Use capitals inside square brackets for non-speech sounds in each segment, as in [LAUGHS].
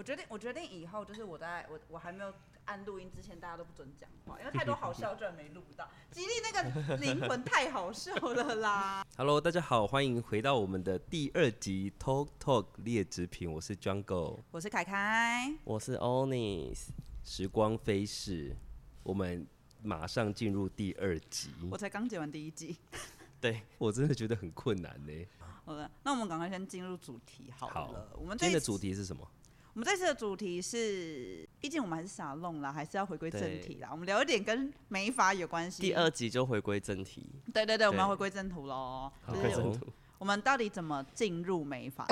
我決定，我決定以後就是我在我我還沒有按錄音之前，大家都不准講話，因為太多好笑，就沒錄到。吉 [LAUGHS] 利那個靈魂太好笑了啦 [LAUGHS] ！Hello，大家好，歡迎回到我們的第二集 Talk Talk 列製品。我是 Jungle，我是凱凱，我是 Onis。時光飛逝，我們馬上進入第二集。我才剛剪完第一集， [LAUGHS] 對我真的覺得很困難呢。好的，那我們趕快先進入主題好了。好，我們今天的主題是什麼？我們這次的主題是，畢竟我們還是想要弄啦，還是要回歸正題啦。我們聊一點跟美髮有關係。第二集就回歸正題。對對對，對我們要回歸正途嘍。回歸正途。我們到底怎麼進入美髮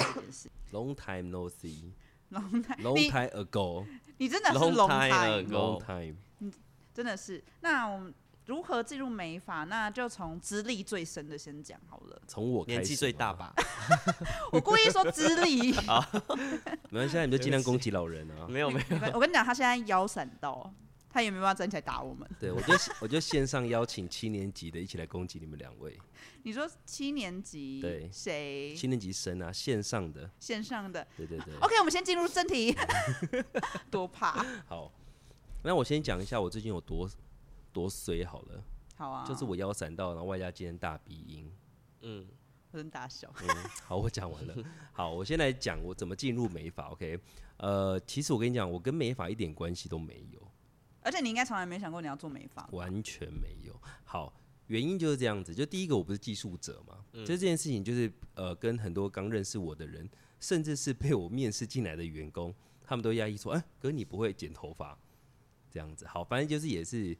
？Long time no see。Long time。Long time ago 你。你真的是 Long time。No 嗯，真的是。那我們。如何進入美髮？那就從資歷最深的先講好了。從我年紀最大吧。 [LAUGHS] 我故意說資歷、 [LAUGHS] 啊。沒關係，現在你們就盡量攻擊老人啊。沒有沒有，我跟你講，他現在腰閃到，他也沒辦法站起來打我們。對，我就我就線上邀請七年級的一起來攻擊你們兩位。 [LAUGHS] 你說七年級？對。誰？七年級生啊，線上的。線上的。對對對。OK，我們先進入正題。 [LAUGHS] 多怕。 [LAUGHS] 好，那我先講一下我最近有多。多好了，好啊，就是我腰閃到，然後外加今天大鼻音，嗯，我大打、嗯、好，我講完了， [LAUGHS] 好，我先來講我怎麼進入美髮，OK，呃，其實我跟你講，我跟美髮一點關係都沒有，而且你應該從來沒想過你要做美髮，完全沒有，好，原因就是這樣子，就第一個我不是技術者嘛、嗯，就這件事情就是呃，跟很多剛認識我的人，甚至是被我面試進來的員工，他們都壓抑說，哎、欸，哥你不會剪頭髮，這樣子，好，反正就是也是。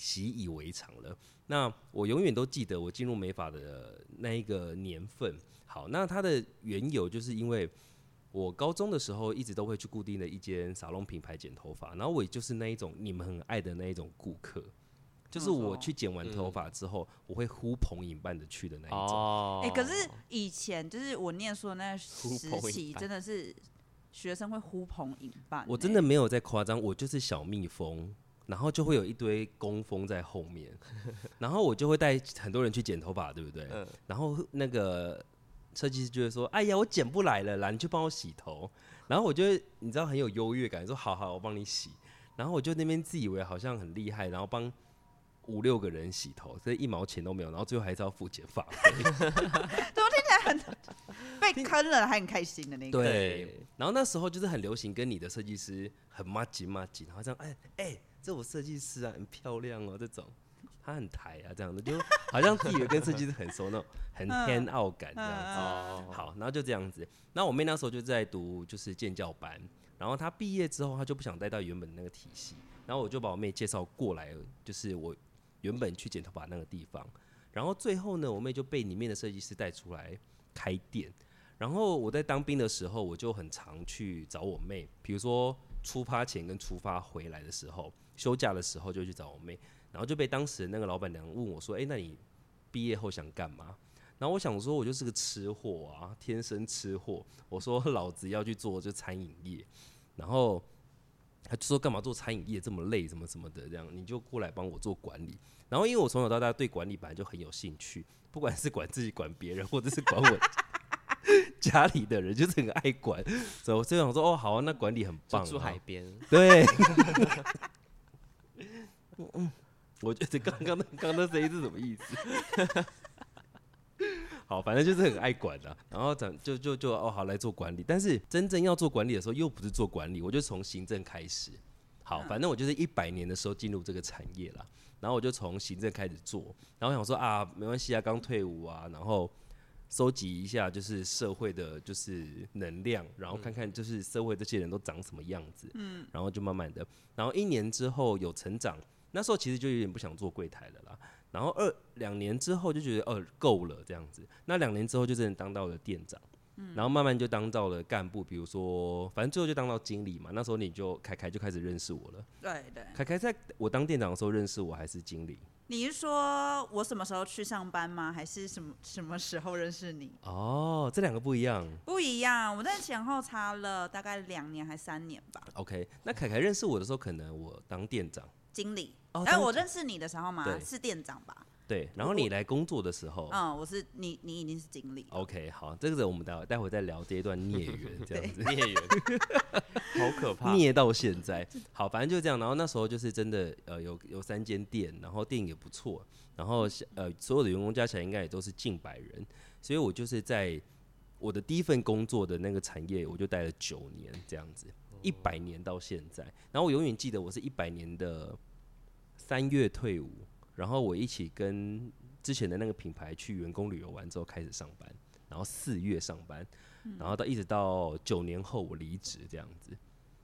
習以為常了。那我永遠都記得我進入美髮的那一個年份。好，那它的緣由就是因為我高中的時候一直都會去固定的一間沙龍品牌剪頭髮，然後我就是那一種你們很愛的那一種顧客，就是我去剪完頭髮之後哦哦，我會呼朋引伴的去的那一種。哎、欸，可是以前就是我念書的那時期，真的是學生會呼朋引伴、欸。我真的沒有在誇張，我就是小蜜蜂。然後就會有一堆工蜂在後面，然後我就會帶很多人去剪頭髮，對不對？嗯、然後那個設計師就會說：“哎呀，我剪不來了啦，你去幫我洗頭。”然後我就你知道很有優越感，說：“好好，我幫你洗。”然後我就那邊自以為好像很厲害，然後幫五六個人洗頭，所以一毛錢都沒有，然後最後還是要付剪髮費。 [LAUGHS] [LAUGHS] [LAUGHS] 怎麼聽起來很被坑了，還很開心的那個、對？然後那時候就是很流行跟你的設計師很麻吉麻吉然後這樣哎哎。這我設計師啊，很漂亮哦，這種他很抬啊，這樣子 [LAUGHS] 就好像自己跟設計師很熟那種，很天傲感這樣子。 [LAUGHS] 好，然後就這樣子。那我妹那時候就在讀就是建教班，然後她畢業之後，她就不想待在原本的那個體系，然後我就把我妹介紹過來，就是我原本去剪頭髮那個地方。然後最後呢，我妹就被裡面的設計師帶出來開店。然後我在當兵的時候，我就很常去找我妹，比如說出發前跟出發回來的時候。休假的時候就去找我妹，然後就被當時那個老闆娘問我說：“哎、欸，那你畢業後想幹嘛？”然後我想說：“我就是個吃貨啊，天生吃貨。”我說：“老子要去做就餐飲業。”然後他就說：“幹嘛做餐飲業這麼累？什麼什麼的？這樣你就過來幫我做管理。”然後因為我從小到大對管理本來就很有興趣，不管是管自己、管別人，或者是管我家裡的人， [LAUGHS] 就是很愛管。所以我就想說：“哦，好、啊，那管理很棒。”就住海邊，對。 [LAUGHS] [LAUGHS] 嗯，我覺得剛剛那、剛剛那聲音是什麼意思？ [LAUGHS] 好，反正就是很愛管的、啊，然後咱就就就哦，好來做管理。但是真正要做管理的時候，又不是做管理，我就從行政開始。好，反正我就是一百年的時候進入這個產業了，然後我就從行政開始做，然後想說啊，沒關係啊，剛退伍啊，然後收集一下就是社會的，就是能量，然後看看就是社會這些人都長什麼樣子，嗯，然後就慢慢的，然後一年之後有成長。那時候其實就有點不想做櫃檯的啦，然後二兩年之後就覺得哦夠了這樣子，那兩年之後就真的當到了店長，嗯，然後慢慢就當到了幹部，比如說反正最後就當到經理嘛。那時候你就凱凱就開始認識我了，對對、對，凱凱在我當店長的時候認識我還是經理，你是說我什麼時候去上班嗎？還是什麼什麼時候認識你？哦，這兩個不一樣，不一樣，我在前後差了大概兩年還三年吧。OK，那凱凱認識我的時候，可能我當店長。經理，哎、哦，但我認識你的時候嗎？是店長吧？對，然後你來工作的時候，嗯，我是你，你已經是經理。OK，好，這個我們待會待會再聊這一段孽緣，這樣子 [LAUGHS] 對 [LAUGHS] 孽緣， [LAUGHS] 好可怕，孽到現在。好，反正就這樣。然後那時候就是真的，呃，有有三間店，然後店也不錯，然後呃，所有的員工加起來應該也都是近百人，所以我就是在我的第一份工作的那個產業，我就待了九年這樣子。一百年到現在，然後我永遠記得我是一百年的三月退伍，然後我一起跟之前的那個品牌去員工旅遊完之後開始上班，然後四月上班，然後到一直到九年後我離職這樣子，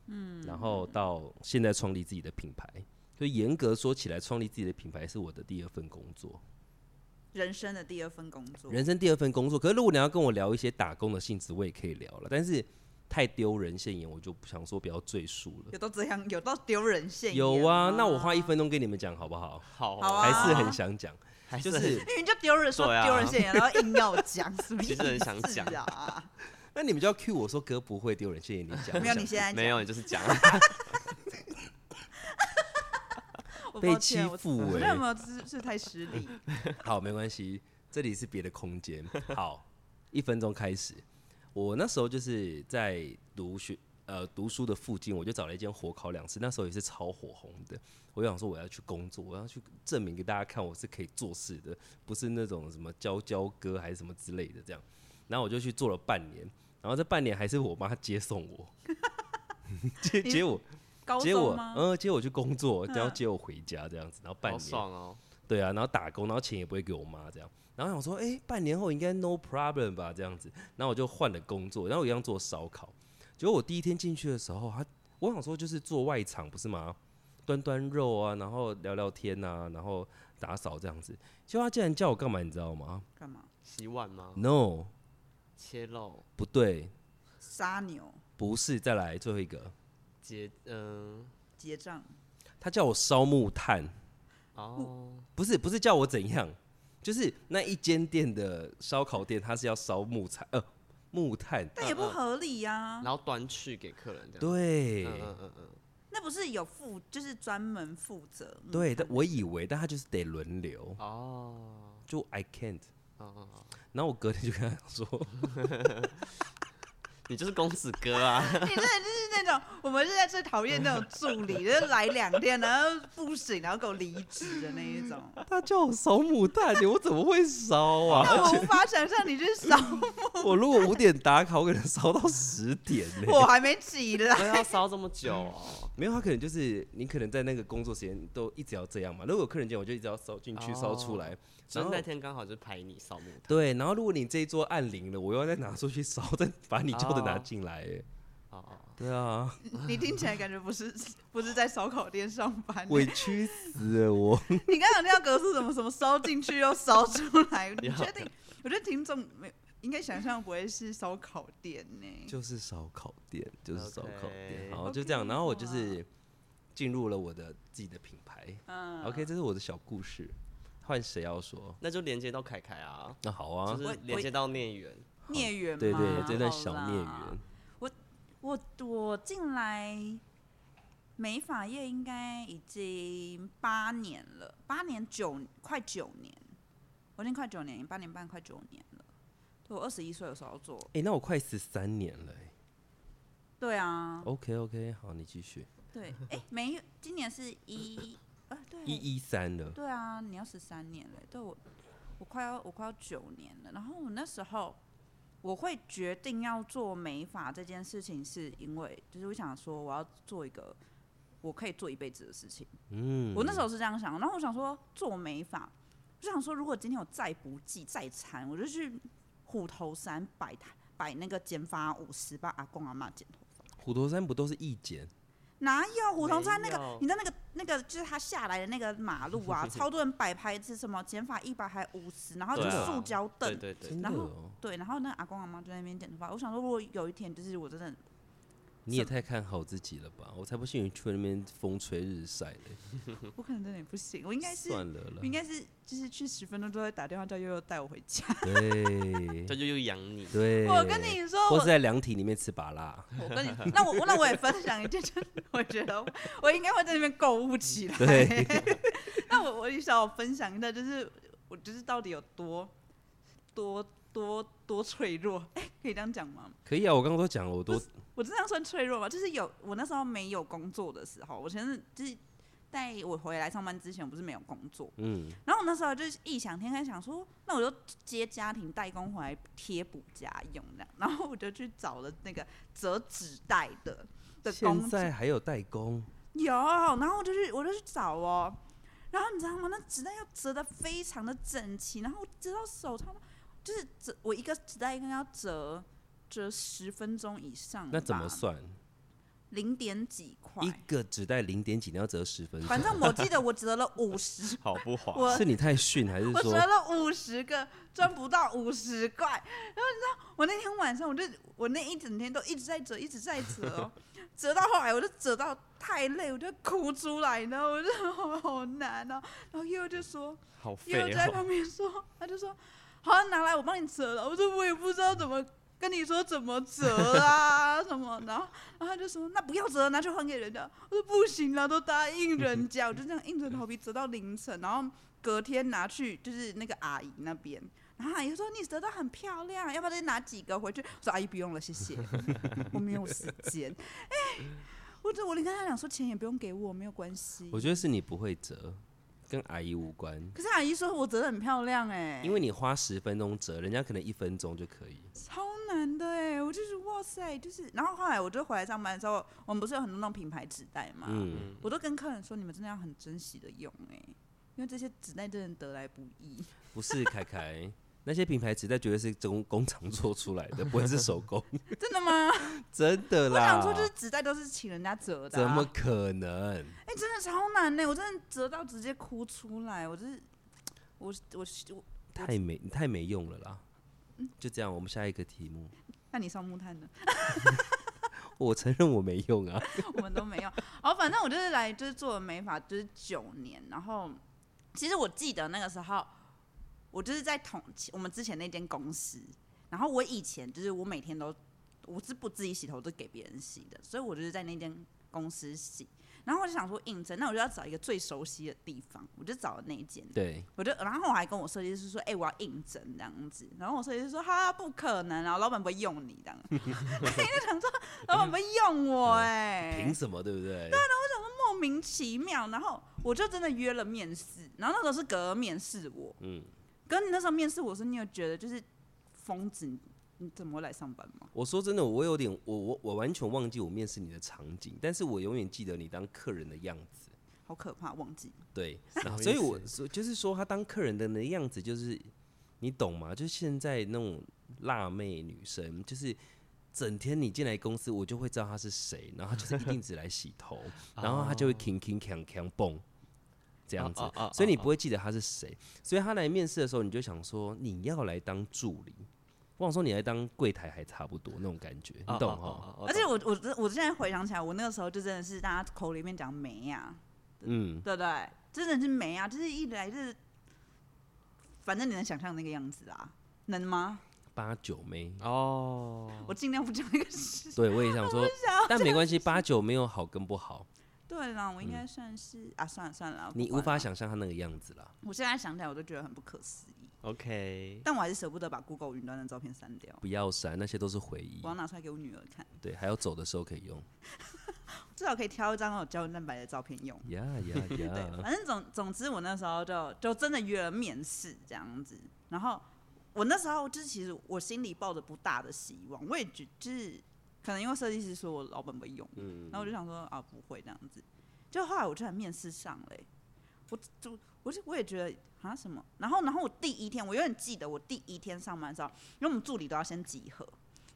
嗯，然後到現在創立自己的品牌，所以嚴格說起來，創立自己的品牌是我的第二份工作，人生的第二份工作，人生第二份工作。可是如果你要跟我聊一些打工的性質，我也可以聊了，但是。太丟人現眼，我就不想說，比較贅述了。有到這樣，有到丟人現眼、啊。有啊，那我花一分鐘給你們講，好不好？好、啊，還是很想講、啊，就是你們就丟人說，說丟、啊、人現眼，然後硬要我講，是不是、啊？ [LAUGHS] 其實很想講。 [LAUGHS] 那你們就要 Q 我說，哥不會丟人現眼，你講。 [LAUGHS] 沒有你現在講，沒有你就是講。被欺負、欸，我沒有、啊，是是太失禮。好，沒關係，這裡是別的空間。好，一分鐘開始。我那時候就是在讀學呃讀書的附近，我就找了一間火烤兩次，那時候也是超火紅的。我想說我要去工作，我要去證明給大家看我是可以做事的，不是那種什麼教教歌還是什麼之類的這樣。然後我就去做了半年，然後這半年還是我媽接送我， [LAUGHS] [LAUGHS] 接接我，接我，嗯，接我去工作，然後接我回家這樣子，然後半年。好對啊，然後打工，然後錢也不會給我媽這樣。然後我想說，哎，半年後應該 no problem 吧，這樣子。然後我就換了工作，然後我一樣做燒烤。結果我第一天進去的時候，他我想說就是做外場不是嗎？端端肉啊，然後聊聊天啊，然後打掃這樣子。結果他竟然叫我幹嘛，你知道嗎？幹嘛？洗碗嗎？No。切肉？不對。殺牛？不是。再來最後一個。結嗯、呃。結賬。他叫我燒木炭。哦、oh.，不是不是叫我怎樣，就是那一間店的燒烤店，他是要燒木材呃木炭，那也不合理呀、啊嗯嗯。然後端去給客人，這樣對、嗯嗯嗯嗯，那不是有負就是專門負責，對，但我以為但他就是得輪流哦，oh. 就 I can't 哦，oh. 然後我隔天就跟他說。 [LAUGHS] [LAUGHS] 你就是公子哥啊！ [LAUGHS] 你真的就是那種，我們是在最討厭那種助理， [LAUGHS] 就是來兩天，然後不醒，然後給我離職的那一種。他叫我燒木炭，你我怎麼會燒啊？ [LAUGHS] 我無法想象你去燒 [LAUGHS] 我如果五點打卡，我可能燒到十點呢。 [LAUGHS] 我還沒起來 [LAUGHS] 要燒這麼久、哦 [LAUGHS] 嗯？沒有，他可能就是你可能在那個工作時間都一直要這樣嘛。如果有客人見我就一直要燒進去，燒出來。Oh. 然後那天剛好就拍你掃墓，對，然後如果你這一桌按鈴了，我又要再拿出去燒，再把你舊的拿進來、欸。哦、oh. oh. 對啊你。你聽起來感覺不是 [LAUGHS] 不是在燒烤店上班、欸，委屈死了我！ [LAUGHS] 你剛才那條格數什麼什麼燒進去又燒出來， [LAUGHS] 你確定？我覺得聽眾沒應該想象不會是燒烤店呢？、欸。就是燒烤店，就是燒烤店。然後就這樣，okay, 然後我就是進入了我的自己的品牌。嗯。OK，這是我的小故事。換誰要說？那就連接到凱凱啊！那好啊，就是、連接到孽緣，孽緣對,對對，這段小孽緣。我我我進來美髮業應該已經八年了，八年九快九年，我已經快九年，八年半快九年了。對我二十一歲的時候要做。哎、欸，那我快十三年了、欸。對啊。OK OK，好，你繼續。對，哎、欸，美今年是一。 [LAUGHS] 一一三的，對啊，你要十三年嘞、欸，對我，我快要我快要九年了。然後我那時候，我會決定要做美髮這件事情，是因為就是我想說我要做一個我可以做一輩子的事情。嗯。我那時候是這樣想的，然後我想說做美髮，就想說如果今天我再不濟再慘，我就去虎頭山擺攤擺那個剪髮五十吧，阿公阿嬤剪頭髮。虎頭山不都是一剪？哪有虎頭山那個？你的那個那個，就是他下來的那個馬路啊， [LAUGHS] 超多人擺拍，是什麼？剪髮一百還五十，然後就塑膠凳，對對對對對然後對、哦，對，然後那個阿公阿媽就在那邊剪頭髮。我想說，如果有一天，就是我真的。你也太看好自己了吧！我才不信你去那邊風吹日曬呢。我可能真的也不行，我應該是算了，應該是就是去十分鐘之後打電話叫悠悠帶我回家。對，叫悠悠養你。對。我跟你說我，我在涼亭裡面吃扒拉。我跟你，那我那我，我也分享一下，就我覺得我應該會在那邊購物起來。 [LAUGHS] [LAUGHS] 那我我也想要分享一下，就是我就是到底有多多多多脆弱？可以這樣講嗎？可以啊，我剛剛都講了，我都。我這樣算脆弱吧，就是有我那時候沒有工作的時候，我前陣子就是在我回來上班之前，我不是沒有工作，嗯，然後我那時候就是異想天開，想說那我就接家庭代工回來貼補家用這樣，然後我就去找了那個折紙袋的的工。現在還有代工？有，然後我就去我就去找哦，然後你知道嗎？那紙袋要折得非常的整齊，然後我折到手上，它就是折我一個紙袋應該要折。折十分鐘以上，那怎麼算？零點幾塊一個紙袋零點幾，你要折十分鐘，反正我記得我折了五十，好不好？是你太遜還是說？我折了五十個，賺不到五十塊。然後你知道，我那天晚上，我就我那一整天都一直在折，一直在折哦、喔，折到後來，我就折到太累，我就哭出來。然後我就說好難吶、啊。然後又就說，又在旁邊說，他就說，好，拿來我幫你折了。我說我也不知道怎麼。跟你說怎麼折啊？什麼？然後，然後他就說：“那不要折，拿去還給人家。”我說：“不行了，都答應人家。”我就這樣硬着頭皮折到凌晨，然後隔天拿去就是那個阿姨那邊。然後阿姨說：“你折的很漂亮，要不要再拿幾個回去？”說：“阿姨不用了，謝謝，我沒有時間。”哎，我這我連跟他講說錢也不用給我，沒有關係。我覺得是你不會折，跟阿姨無關。可是阿姨說：“我折的很漂亮。”哎，因為你花十分鐘折，人家可能一分鐘就可以。超。難的、欸、我就是哇塞，就是然後後來我就回來上班的時候，我們不是有很多那種品牌紙袋嘛、嗯，我都跟客人說，你們真的要很珍惜的用、欸、因為這些紙袋真的得來不易。不是，凱 [LAUGHS] 凱，那些品牌紙袋絕對是從工廠做出來的，不會是手工。 [LAUGHS] 真的嗎？ [LAUGHS] 真的啦。我想說就是紙袋都是請人家折的，啊，怎麼可能？哎、欸，真的超難呢、欸。我真的折到直接哭出來，我、就是，我我我太沒太沒用了啦。就這樣，我們下一個題目。嗯、那你上木炭呢？ [LAUGHS] 我承認我沒用啊。 [LAUGHS] 我們都沒用。好，反正我就是來就是做美髮，就是九年。然後，其實我記得那個時候，我就是在同我們之前那間公司。然後我以前就是我每天都我是不自己洗頭，都給別人洗的，所以我就是在那間公司洗。然後我就想說應徵，那我就要找一個最熟悉的地方，我就找了那一間。對，我就然後我還跟我設計師說，哎、欸，我要應徵這樣子。然後我設計師說，哈，不可能，然後老闆不會用你這樣。那你就想說，老闆不會用我、欸，哎，憑什麼對不對？對啊，然後我想說莫名其妙。然後我就真的約了面試，然後那時候是隔面試我。嗯，可是，你那時候面試我是你有覺得就是瘋子。你怎麼來上班嗎？我說真的，我有點，我我我完全忘記我面試你的場景，但是我永遠記得你當客人的樣子。好可怕，忘記。對，然後所以我說，就是說他當客人的那個樣子，就是你懂嗎？就現在那種辣妹女生，就是整天你進來公司，我就會知道她是誰。 [LAUGHS] 然後就是一定只來洗頭， [LAUGHS] 然後她就會 king king king king 蹦，這樣子。Oh, oh, oh, oh, oh, oh. 所以你不會記得她是誰。所以她來面試的時候，你就想說，你要來當助理。我想說，你來當櫃檯還差不多那種感覺，oh、你懂哈？Oh oh oh oh 而且我我我現在回想起來，我那個時候就真的是大家口裡面講沒啊，嗯，對不對，對？真的是沒啊，就是一來，就是，反正你能想象那個樣子啊，能嗎？八九沒哦，我盡量不講那個事情。對，我也想說， [LAUGHS] 想但沒關係，八九沒有好跟不好。對啦，我應該算是，嗯、啊，算了算了，了，你無法想象他那個樣子了。我現在想起來，我都覺得很不可思議。OK，但我還是捨不得把 Google 雲端的照片刪掉。不要刪，那些都是回憶。我要拿出來給我女兒看。對，還要走的時候可以用。 [LAUGHS] 至少可以挑一張有膠原蛋白的照片用。Yeah yeah yeah。反正總總之，我那時候就就真的約了面試這樣子。然後我那時候就是其實我心裡抱着不大的希望，我也覺得就是可能因為設計師說我老板不會用，嗯，然後我就想說啊不會這樣子，就後來我就在面試上了，欸。我就，我我也覺得，啊什麼？然後，然後我第一天，我有點記得，我第一天上班的時候，因為我們助理都要先集合，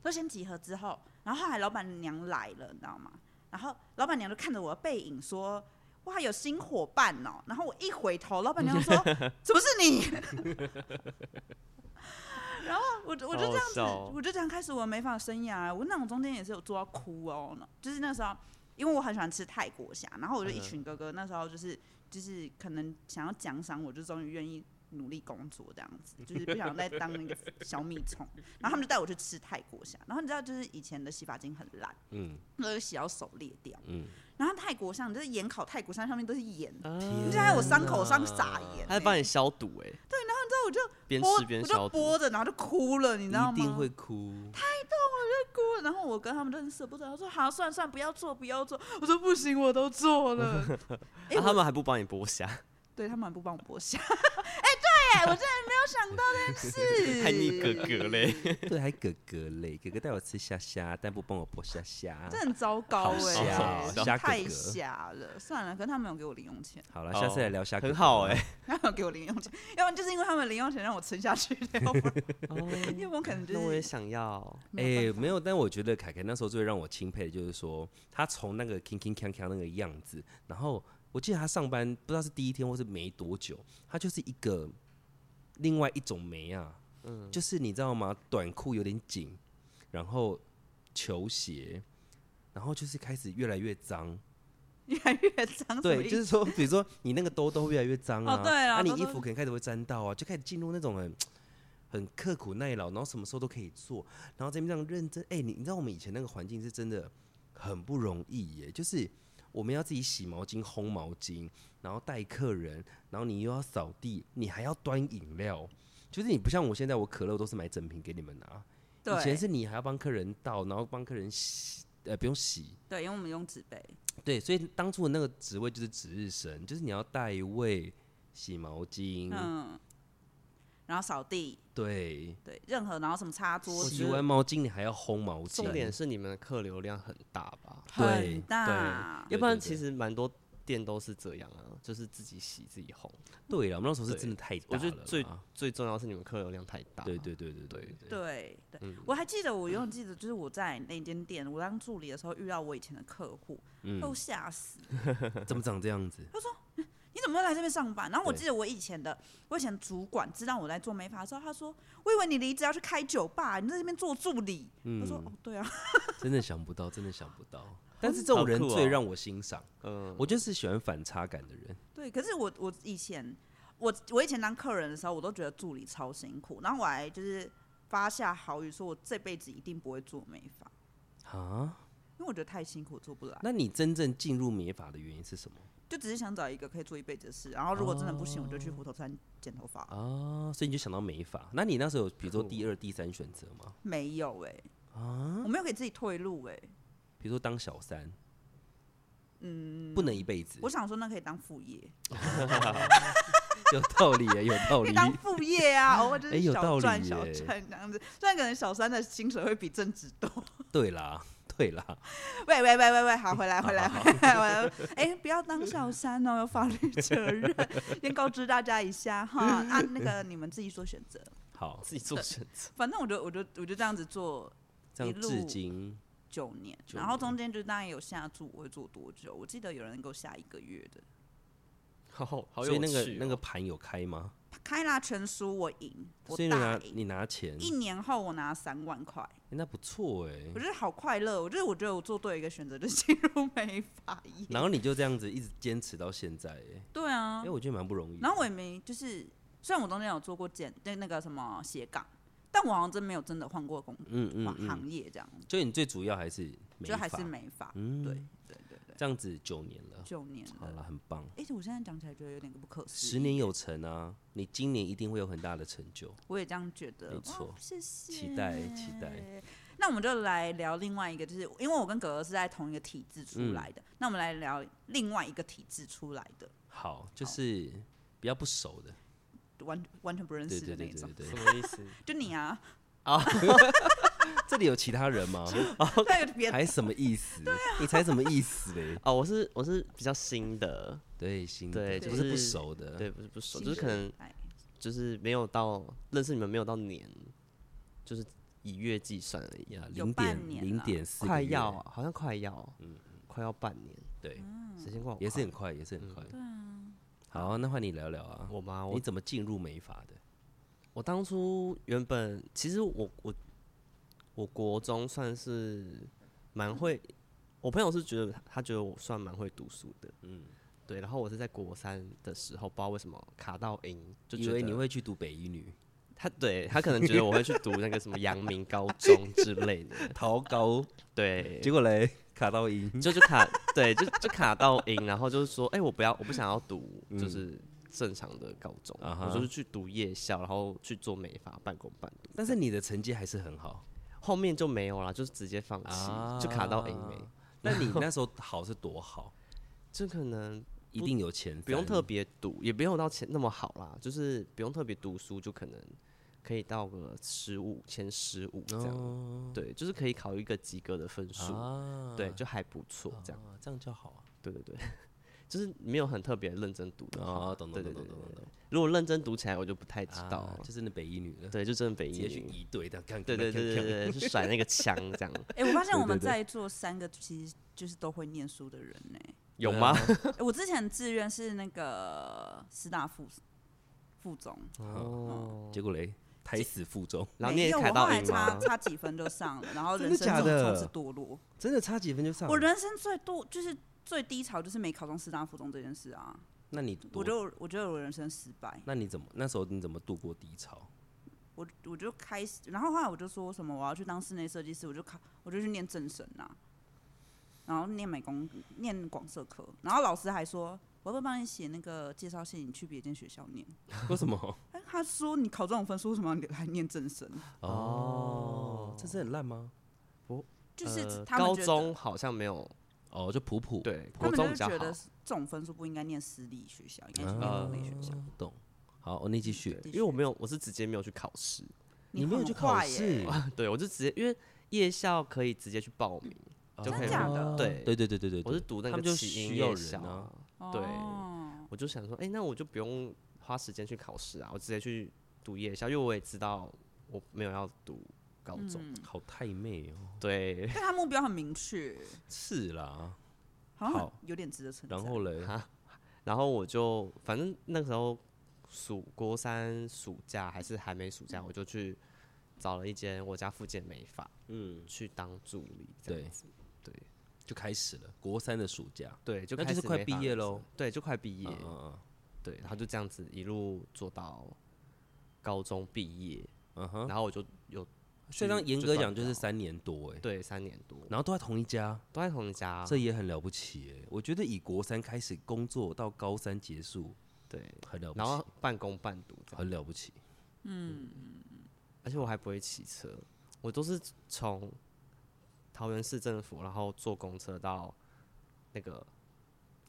都先集合之後，然後後來老闆娘來了，你知道嗎？然後老闆娘就看着我的背影說：“哇，有新夥伴哦、喔。”然後我一回頭，老闆娘就說：“怎 [LAUGHS] 麼是你？” [LAUGHS] 然後我就我就這樣子、喔，我就這樣開始我的美髮生涯。我那種中間也是有做到哭哦、喔，就是那時候，因為我很喜歡吃泰國蝦，然後我就一群哥哥那時候就是。就是可能想要獎賞，我就終於願意。努力工作這樣子，就是不想再當那個小米蟲。 [LAUGHS] 然後他們就帶我去吃泰國蝦。然後你知道，就是以前的洗髮精很爛，嗯，那就洗到手裂掉，嗯。然後泰國蝦，就是鹽烤泰國蝦，上面都是鹽，人家在我傷口上撒鹽，欸，他在幫你消毒哎，欸。對，然後之後我就邊吃邊消毒，我就播著然後就哭了，你知道嗎？一定會哭。太痛了，就哭，然後我跟他們都很捨不得，他說：“好，啊，算算，算，不要做，不要做。”我說：“不行，我都做了。 [LAUGHS] 欸啊”他們還不幫你剝蝦？對他們還不幫我剝蝦。 [LAUGHS] 欸、我真的沒有想到的事，是 [LAUGHS] 還你哥哥嘞 [LAUGHS] 對，還哥哥嘞？哥哥帶我吃蝦蝦，但不幫我剝蝦蝦，這很糟糕、欸。哎好蝦、欸，哦蝦哥哥，太瞎了。算了，可是他沒有給我零用錢。好了、哦，下次來聊蝦。很好哎、欸，他沒有給我零用錢，要不然就是因為他們零用錢讓我存下去了。 [LAUGHS] [LAUGHS] [LAUGHS] [LAUGHS] 因為，我可能覺、就、得、是、我也想要。哎、欸，沒有， [LAUGHS] 但我覺得凱凱那時候最讓我欽佩，的就是說他從那個 King King Kang Kang 那個樣子，然後我記得他上班不知道是第一天或是沒多久，他就是一個。另外一種沒啊、嗯，就是你知道嗎？短褲有點緊，然後球鞋，然後就是開始越來越髒，越來越髒。對，就是說，比如說你那個兜兜越來越髒啊，那、哦啊、你衣服可能開始會沾到啊，兜兜就開始進入那種很很刻苦耐勞，然後什麼時候都可以做，然後這邊這樣認真。哎、欸，你你知道我們以前那個環境是真的很不容易耶、欸，就是。我們要自己洗毛巾、烘毛巾，然後帶客人，然後你又要掃地，你還要端飲料，就是你不像我現在，我可樂都是買整瓶給你們拿啊。對，以前是你還要幫客人倒，然後幫客人洗，呃，不用洗。對，因為我們用紙杯。對，所以當初的那個職位就是值日生，就是你要帶位、洗毛巾。嗯。然後掃地，對對，任何然後什麼擦桌，洗完毛巾你還要烘毛巾。重點是你們的客流量很大吧？對很大對對對對對，要不然其實蠻多店都是這樣啊，就是自己洗自己烘。對了，我們那時候是真的太大了。我覺得最最重要是你們客流量太大啊。對對對對對對對對，對，對，對，對，對，對，對，對、嗯。我還記得我，我永遠記得，就是我在那間店，我當助理的時候遇到我以前的客戶、嗯，都嚇死。 [LAUGHS] 怎麼長這樣子？他說。你怎麼會來這邊上班？然後我記得我以前的，我以前主管知道我在做美髮的時候，他說：“我以為你離職要去開酒吧，你在這邊做助理。嗯”我說：“哦、對啊。 [LAUGHS] ”真的想不到，真的想不到。但是這種人最讓我欣賞。嗯、哦，我就是喜歡反差感的人。嗯、對，可是我我以前我我以前當客人的時候，我都覺得助理超辛苦。然後我還就是發下豪語，說我這輩子一定不會做美髮。啊。因為我覺得太辛苦，做不來。那你真正進入美髮的原因是什麼？就只是想找一個可以做一輩子的事，然後如果真的不行，哦、我就去虎頭山剪頭髮。哦，所以你就想到美髮？那你那時候，有比如說第二、嗯、第三選擇嗎？沒有哎、欸啊，我沒有給自己退路哎、欸。比如說當小三，嗯，不能一輩子。我想說，那可以當副業。 [LAUGHS] [LAUGHS] [LAUGHS] 有道理耶、欸，有道理。你當副業啊，偶爾就是小賺小賺這樣子、欸欸。雖然可能小三的薪水會比正職多。對啦。對了，喂喂喂喂喂，好回來回來回 [LAUGHS] 來，哎、欸，不要當小三哦、喔，有法律責任， [LAUGHS] 先告知大家一下哈，按那個你們自己做選擇， [LAUGHS] 好，自己做選擇。反正我就我就我就這樣子做，一路至今九年，然後中間就大概有下注我，下注我會做多久。我記得有人能夠下一個月的，好，好有趣喔、所以那個那個盤有開嗎？開啦，全輸我贏，所以你拿你拿錢，一年後我拿三萬塊。欸、那不錯哎、欸，我覺得好快樂，我覺得我覺得我做對一個選擇，就進入美髮業。然後你就這樣子一直堅持到現在、欸，對啊，因、欸、為我覺得蠻不容易。然後我也沒就是，雖然我中間有做過剪，對那個什麼斜槓，但我好像真的沒有真的換過工，換、嗯嗯嗯、行業這樣子。所以你最主要還是，就還是美髮、嗯，對。這樣子九年了，九年了，很棒。而、欸、且我現在講起來覺得有點不可思議。十年有成啊，你今年一定會有很大的成就。我也這樣覺得，沒錯。謝謝。期待，期待。那我們就來聊另外一個，就是因為我跟哥哥是在同一個體制出來的、嗯，那我們來聊另外一個體制出來的。好，就是比較不熟的，完完全不認識的那種，對對對對對對對。什麼意思？ [LAUGHS] 就你啊。啊。 [LAUGHS] [LAUGHS] 這裡有其他人嗎？哦 [LAUGHS] 那，邊的笑還什麼意思、啊？你才什麼意思嘞？哦、oh,，我是我是比較新的，對新的，對，就是、對不是不熟的，對，不是不熟，就是可能就是沒有到認識你們沒有到年，就是以月計算而已啊，零點零點四，快要好像快要，嗯，快要半年，對，時間過也是很快，也是很快，嗯、啊。好啊，那換你聊聊啊，我嗎？我你怎麼進入美髮的？我當初原本其實我我。我國中算是蠻會，我朋友是覺得他覺得我算蠻會讀書的，嗯，對。然後我是在國三的時候，不知道為什麼卡到陰，就覺得以為你會去讀北一女，他對他可能覺得我會去讀那個什麼陽明高中之類的，桃 [LAUGHS] 高，對。結果嘞，卡到陰，就就卡，對，就就卡到陰，然後就是說，哎、欸，我不要，我不想要讀，就是正常的高中，嗯、我就是去讀夜校，然後去做美髮，半工半讀。但是你的成績還是很好。後面就沒有了，就是直接放棄，啊，就卡到 A 類。那你那時候好是多好？這 [LAUGHS] 可能一定有前，不用特別讀，也不用到前那麼好啦，就是不用特別讀書，就可能可以到個十五前十五這樣，哦，對，就是可以考一個及格的分數，啊，對，就還不錯這樣，啊，這樣就好，啊，對對對。就是沒有很特別認真讀的哦，懂懂對對對對懂懂懂，懂如果認真讀起來，我就不太知道了、啊。就是那北一女的，對，就真、是、的北一女。也許一對的，對對對對對，對，對，就甩那個槍這樣。哎、 [LAUGHS] 欸，我發現我們在座三個其實就是都會念書的人呢、欸。有嗎？ [LAUGHS] 我之前志願是那個師大附附中哦、嗯，結果嘞胎死腹中、欸，然後念也考到沒有，差差幾分就上了， [LAUGHS] 然後人生從此墮落。真的差幾分就上了？我人生最多就是。最低潮就是沒考上師大附中這件事啊。那你，我就我覺得我人生失敗。那你怎麼那時候你怎麼度過低潮？我我就開始，然後後來我就說什麼我要去當室內設計師，我就考我就去念政審吶，然後念美工，念廣社科，然後老師還說我要不幫你寫那個介紹信你去別間學校念。為什麼？哎，他說你考這種分數為什麼來念政神？哦，這是很爛嗎？不、哦，就是他們高中好像沒有。哦、oh，就普普，對，國中比較好。他們就是覺得這種分數不應該念私立學校，應該去公立學校，啊嗯。懂，好，我、哦、那繼續。因為我沒有，我是直接沒有去考試，你沒有去考試。欸、 [LAUGHS] 對，我就直接，因為夜校可以直接去報名，嗯、就可以。了、啊。對，啊、對，對對對對對對。我是讀那個夜就夜校。需要啊、對、哦，我就想說，哎、欸，那我就不用花時間去考試啊，我直接去讀夜校，因為我也知道我沒有要讀。高中好太妹哦，對，因為他目標很明確，是啦，好，好有點值得稱讚。然後嘞，然後我就反正那個時候，暑國三暑假還是還沒暑假，嗯，我就去找了一間我家附近的美髮，嗯，去當助理，這樣子對，對，就開始了。國三的暑假，對，就開始就快畢業嘍，對，就快畢業，嗯嗯，嗯，對，然後就這樣子一路做到高中畢業，嗯哼，然後我就又。所以，當然嚴格講，就是三年多、欸，哎，對，三年多，然後都在同一家，都在同一家，這也很了不起、欸，哎，我覺得以國三開始工作到高三結束，對，很了不起，然後半工半讀，很了不起，嗯，而且我還不會騎車，我都是從桃園市政府，然後坐公車到那個、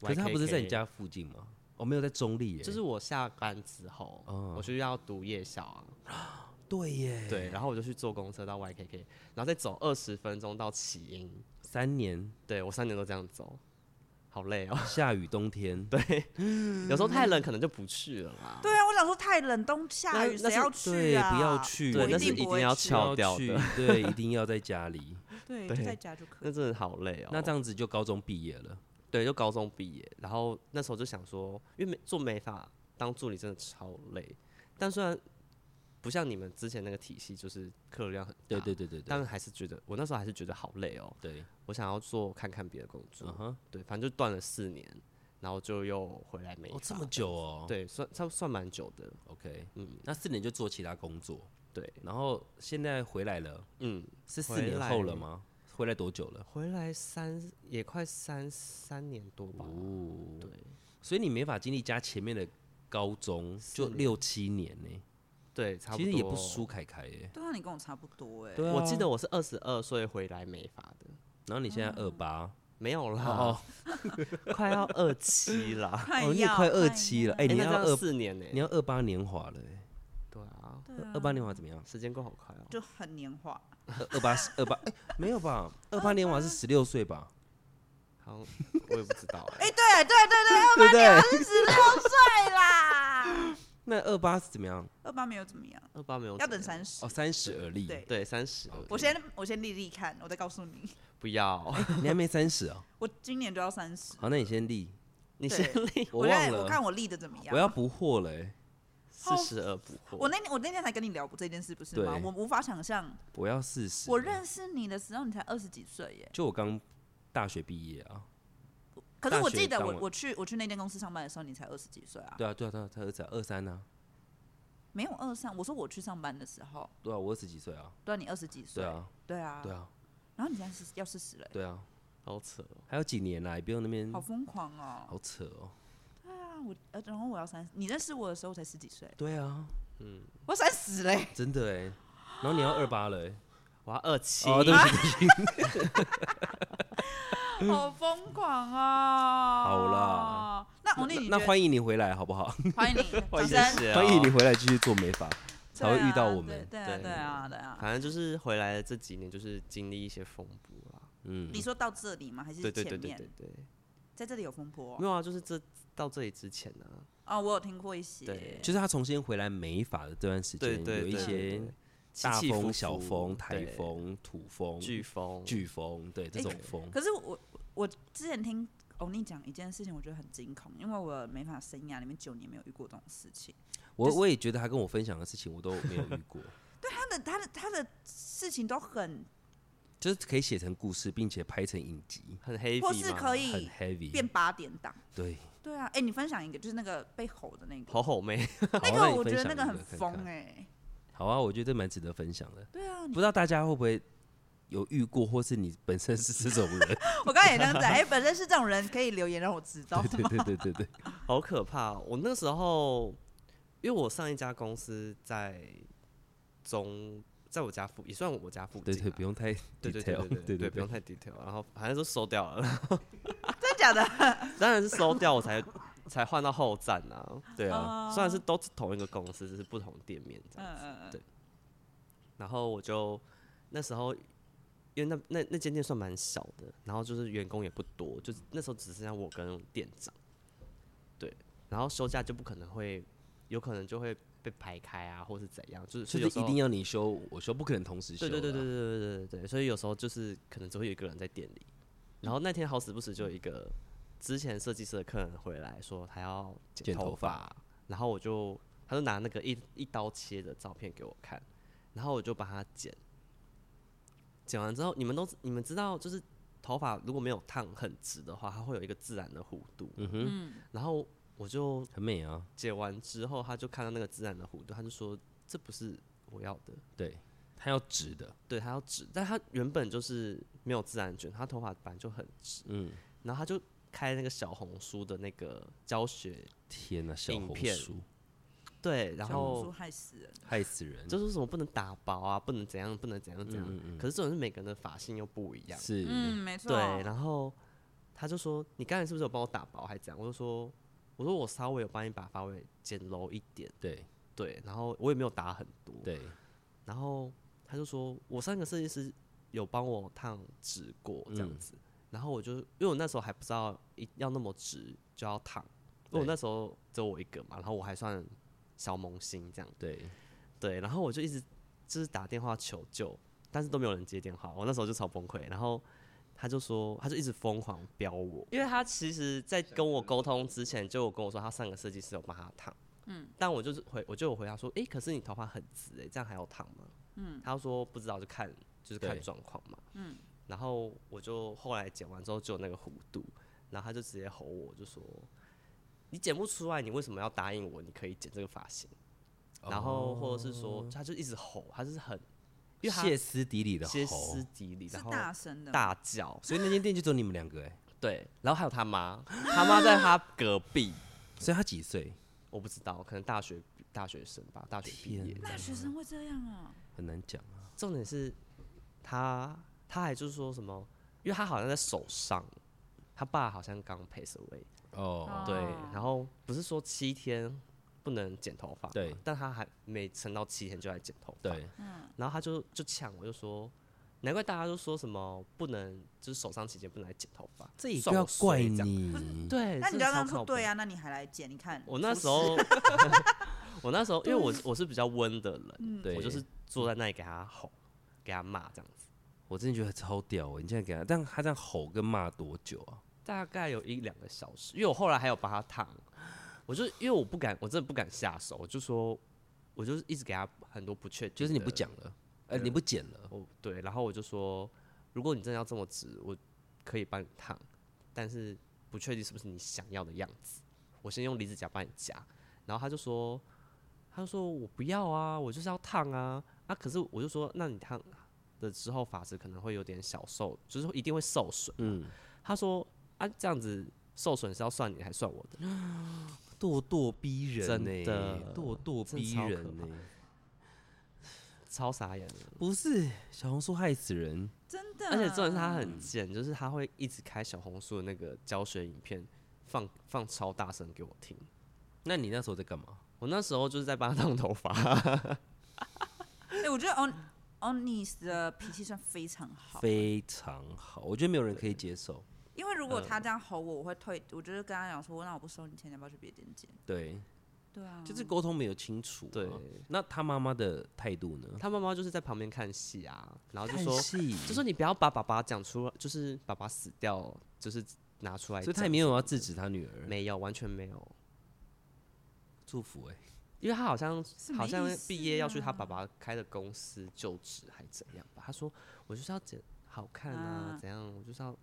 YKK，可是他不是在你家附近嗎？我、哦、沒有在中立、欸，就是我下班之後，哦、我就要讀夜校、啊。對耶，對，然後我就去坐公車到 YKK，然後再走二十分鐘到起因。三年，對，我三年都這樣走，好累哦。下雨，冬天， [LAUGHS] 對，嗯，有時候太冷可能就不去了啦。對啊，我想說太冷冬天下雨誰要去啊？對，不要去，對，那是一定要翹掉的。對，一定,一定要在家裡。 [LAUGHS] 對，就在家就可以。那真的好累哦。那這樣子就高中畢業了。對，就高中畢業，然後那時候就想說，因為做美髮當助理真的超累，但雖然。不像你們之前那個體系，就是客流量很大，對對對。但是還是覺得，我那時候還是覺得好累哦、喔。對，我想要做看看別的工作、uh -huh。對，反正就斷了四年，然後就又回來沒。哦，這麼久哦？對，算差不多算蠻久的。OK，嗯，那四年就做其他工作。對，然後現在回來了，嗯，是四年後了嗎？回來，回來多久了？回來三也快三三年多吧。哦，對，所以你沒法經歷加前面的高中，就六七年呢、欸。對，差不多。其實也不輸凱凱耶。對啊，你跟我差不多哎、啊。我記得我是二十二歲回來美髮的，然後你現在二八、嗯，沒有啦， [LAUGHS] oh, [LAUGHS] 快要二七了， [LAUGHS] 哦，要快二七了，哎、欸欸，你要二四年呢？你要二八年華了耶，對啊。二八、啊、年華怎麼樣？時間夠好快啊，就很年華。二八二八，沒有吧？二八年華是十六歲吧？ [LAUGHS] 好，我也不知道、欸。哎 [LAUGHS] 欸，對對對對，二八年華是十六歲啦。 [LAUGHS] 對對對 [LAUGHS] [LAUGHS] 那二八是怎麼樣？二八沒有怎麼樣，二八沒有。要等三十哦，三十而立。對三十、okay。我先我先立立看，我再告訴你。不要， [LAUGHS] 你還沒三十哦。我今年都要三十。好，那你先立，你先立。我忘了，我,我看我立的怎麼樣。我要不惑了、欸，四十而不惑。我那天我那天才跟你聊過這件事不是嗎？我無法想象。我要四十。我認識你的時候，你才二十幾歲耶、欸。就我剛大學畢業啊。可是我記得我我，我去我去那間公司上班的時候，你才二十幾歲啊？對啊對啊對啊，才二十二三呢，沒有二三。我說我去上班的時候，對啊我二十幾歲啊。對啊你二十幾歲，對啊對啊對啊。然後你現在是要四十了、欸？對啊，好扯、喔，還有幾年啊？也不用那邊好瘋狂哦，好扯哦、喔。對啊我呃，然後我要三十，你認識我的時候我才十幾歲？對啊嗯，我三十嘞，真的哎、欸、然後你要二八嘞。我要二七。好瘋狂啊、嗯！好啦，那那，那歡迎你回來，好不好？歡迎你，歡迎你，歡迎你回來，繼續做美髮、 [LAUGHS] 啊，才會遇到我們對、啊對對啊對。對啊，對啊，對啊。反正就是回來的這幾年，就是經歷一些風波啊。嗯，你說到這裡嗎？還是前面對對對對對，對，對，對在這裡有風波、喔？沒有啊，就是這到這裡之前呢、啊。啊、哦，我有聽過一些，對，就是他重新回來美髮的這段時間，有一些大風、小風、台風，風、土風、颶風、颶風，對這種風、欸。可是我。我之前聽歐尼講一件事情，我覺得很驚恐，因為我美髮生涯裡面九年沒有遇過這種事情。我、就是、我也覺得他跟我分享的事情，我都沒有遇過。 [LAUGHS] 對他的他的他的事情都很，就是可以寫成故事，並且拍成影集，很 heavy，或是可以很 heavy 變八點檔。對對啊，哎、欸，你分享一個，就是那個被吼的那個，吼吼妹， [LAUGHS] 那個我覺得那個很瘋哎、欸。好啊，我覺得蠻值得分享的。對啊，不知道大家會不會。有遇過，或是你本身是這種人？ [LAUGHS] 我剛也這樣講哎、 [LAUGHS] 欸，本身是這種人，可以留言讓我知道。對對對對對對，好可怕喔！我那時候，因為我上一家公司在中，在我家附，也算我家附近、啊。對對，不用太。對對對對對，不用太 detail。然後好像都收掉了。真的假的？ [LAUGHS] 當然是收掉，我才 [LAUGHS] 才換到後站啊。對啊，oh. 雖然是都是同一個公司，就是不同店面這樣子。Oh. 對。然後我就那時候。因為那那那間店算蠻小的，然後就是員工也不多，就是那時候只剩下我跟店長，對，然後休假就不可能會，有可能就會被排開啊，或是怎樣，就是所以、就是、一定要你休，我休不可能同時休、啊，對對對對對對對對，所以有時候就是可能只會有一個人在店裡，然後那天好死不死就有一個之前設計師的客人回來說他要剪頭髮，然後我就他就拿那個一一刀切的照片給我看，然後我就幫他剪。剪完之後，你們都你們知道，就是頭髮如果沒有燙很直的話，它會有一個自然的弧度。嗯哼，然後我就很美啊。剪完之後，他就看到那個自然的弧度，他就說這不是我要的。對，他要直的。對，他要直，但他原本就是沒有自然捲，他頭髮本來就很直。嗯，然後他就開那個小紅書的那個教學，影片。天哪，小紅書。對，然後害死，害死人，就是什麼不能打薄啊，不能怎樣，不能怎樣怎樣。嗯、可是這種是每個人的髮型又不一樣，是，嗯，沒錯。對，然後他就說：“你剛才是不是有幫我打薄還這樣？”我就說：“我說我稍微有幫你把髮尾剪柔一點。對”對對，然後我也沒有打很多。對，然後他就說：“我上一個設計師有幫我燙直過這樣子。嗯”然後我就因為我那時候還不知道一要那麼直就要燙，因為我那時候只有我一個嘛，然後我還算。小萌新這樣，對，對，然後我就一直就是打電話求救，但是都沒有人接電話，我那時候就超崩潰。然後他就說，他就一直瘋狂飆我，因為他其實在跟我溝通之前就有跟我說，他上個設計師有幫他燙，嗯，但我就是回，我就我回答說，哎、欸，可是你頭髮很直誒、欸，這樣還要燙嗎？嗯，他說不知道，就看就是看狀況嘛，嗯，然後我就後來剪完之後就有那個弧度，然後他就直接吼我就說。你剪不出來，你為什麼要答應我？你可以剪這個髮型，oh. 然後或者是說，他就一直吼，他就是很，歇斯底里的歇斯底里，大的大聲的大叫。所以那間店就只有你們兩個哎、欸， [LAUGHS] 對。然後還有他媽，他媽在他隔壁。 [LAUGHS] 所以他幾歲？我不知道，可能大學大學生吧，大學畢業。大、啊、學生會這樣啊？很難講啊。重點是他，他還就是說什麼？因為他好像在手上，他爸好像剛 p a away。哦、oh.，對，然後不是說七天不能剪頭髮，對，但他還沒撐到七天就來剪頭髮，對，嗯，然後他就就嗆我就說，難怪大家都說什麼不能，就是手傷期間不能來剪頭髮，這也不要怪你，你對，那你剛剛說，說：「對啊，那你還來剪？你看我那時候， [LAUGHS] [LAUGHS] 我那時候因為我我是比較溫的人對，我就是坐在那裡給他吼，給他罵這樣子，我真的覺得超屌哦，你現在給他，但他這樣吼跟罵多久啊？大概有一兩個小時，因為我後來還有幫他燙，我就因為我不敢，我真的不敢下手，我就說，我就一直給他很多不確，就是你不講了，呃，嗯、你不剪了我，對，然後我就說，如果你真的要這麼直，我可以幫你燙，但是不確定是不是你想要的樣子，我先用離子夾幫你夾，然後他就說，他就說我不要啊，我就是要燙啊，啊，可是我就說，那你燙的之後髮質可能會有點小受，就是一定會受損，嗯，他說。他、啊、這樣子受損是要算你還是算我的？咄、啊、咄逼人，真的咄咄逼人超，超傻眼的。不是小紅書害死人，真的。而且這人他很賤，就是他會一直開小紅書的那個教學影片放，放放超大聲給我聽。那你那時候在幹嘛？我那時候就是在幫他燙頭髮。哎，我覺得 On Onis 的脾氣算非常好，非常好。我覺得沒有人可以接受。因為如果他這樣吼我，嗯、我會退。我就是跟他講說，那我不收你錢，你要不要去別店剪？對，對啊，就是溝通沒有清楚、啊。對，那他媽媽的態度呢？他媽媽就是在旁邊看戲啊，然後就說，就說你不要把爸爸講出來，就是爸爸死掉，就是拿出來。所以他也沒有要制止他女兒，沒有，完全沒有祝福哎、欸，因為他好像、啊、好像畢業要去他爸爸開的公司就職，還怎樣吧？他說我就是要剪好看啊、嗯，怎樣？我就是要。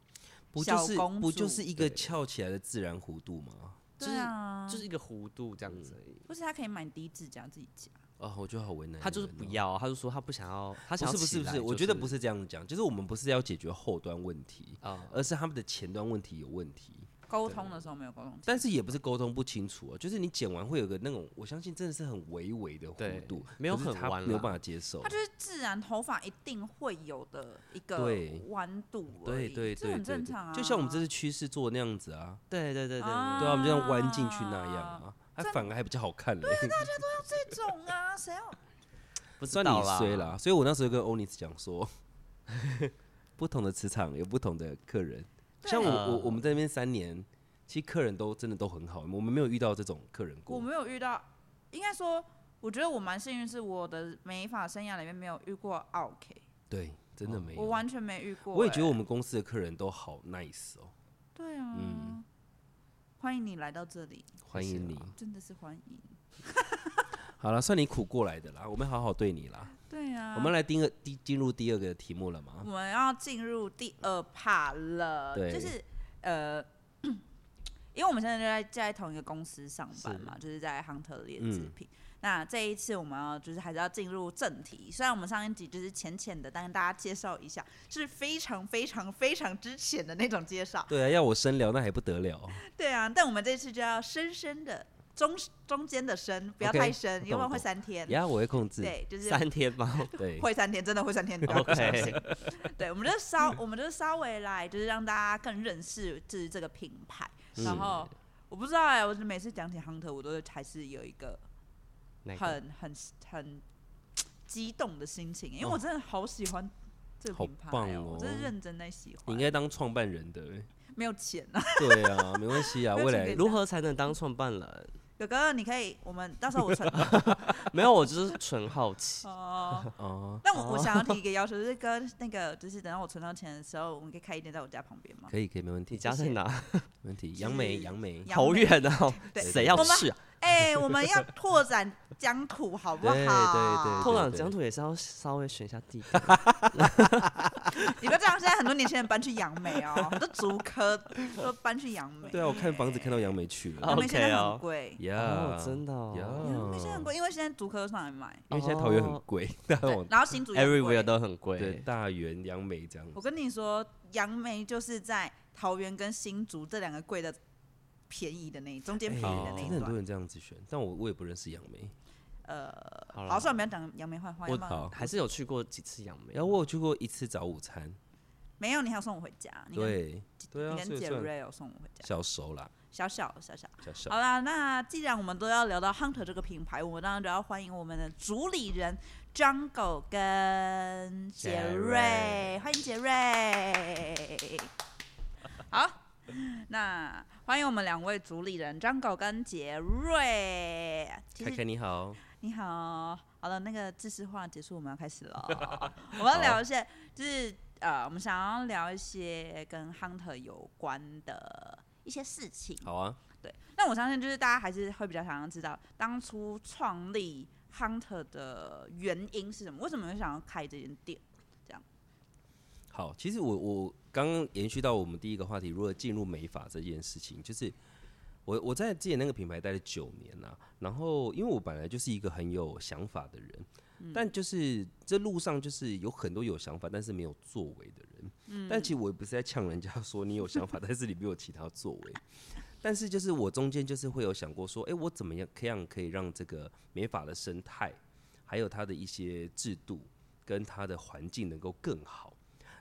不就是，不就是一個翹起來的自然弧度嗎？對啊，就是、就是、一個弧度這樣子而已。不是他可以買低指甲自己夾。哦，我覺得好為難、哦。他就是不要，他就說他不想要。要他是不是不，是，不是，就是，我覺得不是這樣子講，就是我們不是要解決後端問題、哦、而是他們的前端問題有問題。溝通的時候沒有溝通，但是也不是溝通不清楚哦、啊，就是你剪完會有個那種，我相信真的是很微微的弧度，沒有很彎，沒有辦法接受，它就是自然頭髮一定會有的一個彎度而已，對對，對，這很正常啊，對對對，就像我們這次趨勢做那樣子啊，對對對對，對、啊，對、啊，我們就這樣彎進去那樣嘛啊，它、啊、反而還比較好看、欸，對、啊，大家都要這種啊，誰 [LAUGHS] 要不算你衰啦，了，所以我那時候跟歐尼斯講說， [LAUGHS] 不同的磁場有不同的客人。像我我我們在那邊三年，其實客人都真的都很好，我們沒有遇到這種客人過。我沒有遇到，應該說，我覺得我蠻幸運，是我的美髮生涯裡面沒有遇過 OK。對，真的沒有，我完全沒遇過、欸。我也覺得我們公司的客人都好 nice 哦、喔。對啊，嗯，歡迎你來到這裡，喔、歡迎你，真的是歡迎。 [LAUGHS] 好啦，算你苦過來的啦，我們好好對你啦。對啊，我們來第二個第進入第二個題目了嘛，我們要進入第二 part 了。對，就是呃，因為我們現在就在就在同一個公司上班嘛，是就是在 Hunter 烈制品，嗯。那這一次我們要就是還是要進入正題，雖然我們上一集就是淺淺的，但跟大家介紹一下，是非常非常非常之淺的那種介紹。對啊，要我深聊那還不得了。對啊，但我們這次就要深深的。中中間的深不要太深，因、okay, 為會三天。然呀，我會控制。對，就是三天吧。 [LAUGHS] 對， [LAUGHS] 會三天，真的會三天，不要不小心、okay. 對，我們就稍，我們就稍微來，就是讓大家更認識、就是這個品牌。然後我不知道哎、欸，我每次講起 Hunter，我都還是有一個很、那個、很很，很激動的心情、欸，因為我真的好喜歡這個品牌哦、喔喔，我真的認真在喜歡、欸。你應該當創辦人的、欸，沒有錢啊？對啊，沒關係啊， [LAUGHS] 未來如何才能當創辦人？嗯哥哥，你可以，我們到時候我存。 [LAUGHS] [LAUGHS] 沒有，我就是純好奇。哦、uh, 哦、uh,。但我我想要提一個要求，就是哥，那個就是等到我存到錢的時候，我們可以開一間在我家旁邊嗎？可以可以，沒問題。家在哪？ [LAUGHS] 沒問題。楊梅，楊梅，好遠哦，對，誰要試啊？哎、欸，我們要拓展疆土，好不好？對對對，對，拓展疆土也是要稍微選一下地。 [LAUGHS] [LAUGHS] [LAUGHS] 你不知道，現在很多年輕人搬去楊梅哦，很多竹科都搬去楊梅。對啊，欸、我看房子看到楊梅去了，楊、啊、梅、okay、現在很貴、yeah, 哦、真的楊、哦、梅、yeah, 現在很貴，因為現在竹科都上來買，因為現在桃園很貴。對，然後新竹也很貴，對，大園、楊梅，梅這樣子。我跟你說，楊梅就是在桃園跟新竹這兩個貴的。便宜的那一中間，便宜的那一段。欸、真的很多人這樣子選，但我我也不認識楊梅。呃，好，算我們要等楊梅壞話。我好我，還是有去過幾次楊梅，然後、嗯、我有去過一次早午餐。沒有，你還有送我回家。你對，你跟杰、啊、瑞有送我回家。小時候啦，小小小小、小小。好啦，那既然我們都要聊到 Hunter 這個品牌，我們當然都要歡迎我們的主理人 Jungle 跟杰瑞，杰瑞歡迎杰瑞。 [LAUGHS] 好，那。歡迎我們兩位主理人 Jungle 跟傑瑞，凱凱、okay, 你好，你好，好了，那個制式化結束，我們要開始了， [LAUGHS] 我們要聊一些，oh. 就是呃，我們想要聊一些跟 Hunter 有關的一些事情。好啊，對，那我相信就是大家還是會比較想要知道當初創立 Hunter 的原因是什麼，為什麼會想要開這間店，這樣。好、oh,，其實我我。剛剛延續到我們第一個話題，如何進入美髮這件事情，就是我我在之前那個品牌待了九年吶、啊，然後因為我本來就是一個很有想法的人、嗯，但就是這路上就是有很多有想法但是沒有作為的人，嗯、但其實我也不是在嗆人家說你有想法，但是你沒有其他作為， [LAUGHS] 但是就是我中間就是會有想過說，哎、欸，我怎麼樣可以讓這個美髮的生態，還有它的一些制度跟它的環境能夠更好。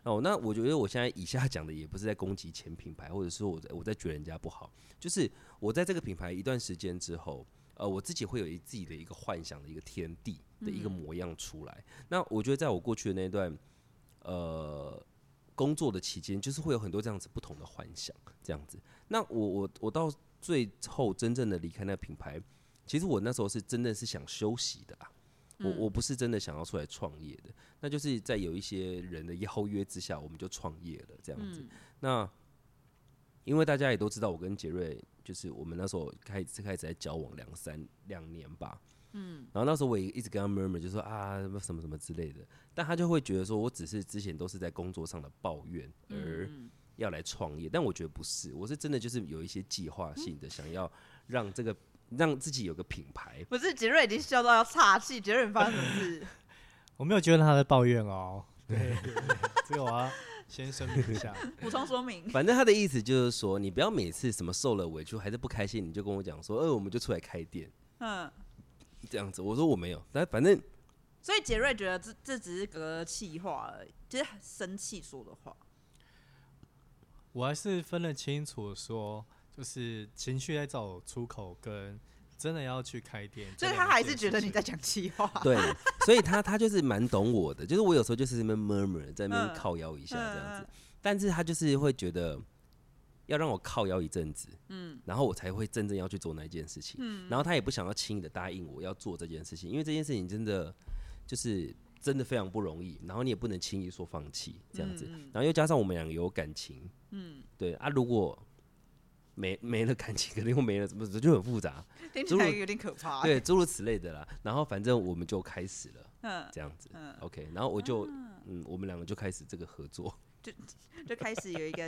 哦，那我覺得我現在以下講的也不是在攻擊前品牌，或者是我我在覺得人家不好，就是我在這個品牌一段時間之後，呃，我自己會有一自己的一個幻想的一個天地的一個模樣出來。嗯、那我覺得在我過去的那一段呃工作的期間，就是會有很多這樣子不同的幻想，這樣子。那我我我到最後真正的離開那個品牌，其實我那時候是真的是想休息的吧、啊。我我不是真的想要出來創業的，那就是在有一些人的邀約之下，我們就創業了這樣子。嗯，那因為大家也都知道，我跟傑瑞就是我們那時候開始開始在交往兩三兩年吧，嗯，然後那時候我也一直跟他 murmur 就說啊什麼什麼什麼之類的，但他就會覺得說我只是之前都是在工作上的抱怨，而要來創業，嗯嗯，但我覺得不是，我是真的就是有一些計劃性的想要讓這個。讓自己有個品牌。不是傑瑞已經笑到要岔氣，傑瑞發生什麼事？ [LAUGHS] 我沒有覺得他在抱怨哦、喔，對，只有啊，先聲明一下。補 [LAUGHS] 充說明。反正他的意思就是說，你不要每次什麼受了委屈還是不開心，你就跟我講說，哎、呃，我們就出來開店。嗯，這樣子，我說我沒有，但反正。所以傑瑞覺得這這只是個氣話而已，就是生氣說的話。我還是分得清楚說。就是情緒在找出口，跟真的要去開店，所以他還是覺得你在講氣話。對， [LAUGHS] 所以他他就是蠻懂我的，就是我有時候就是那邊 murmur 在那邊靠腰一下這樣子、嗯，但是他就是會覺得要讓我靠腰一陣子，嗯，然後我才會真正要去做那件事情，嗯，然後他也不想要輕易的答應我要做這件事情，因為這件事情真的就是真的非常不容易，然後你也不能輕易說放棄這樣子、嗯，然後又加上我們倆有感情，嗯，對啊，如果。沒沒了感情，肯定又沒了，怎麼怎就很複雜，聽起來有點可怕。對，諸如此類的啦。 [LAUGHS] 然後反正我們就開始了，這樣子。OK，然後我就，啊、嗯，我們兩個就開始這個合作，就就開始有一個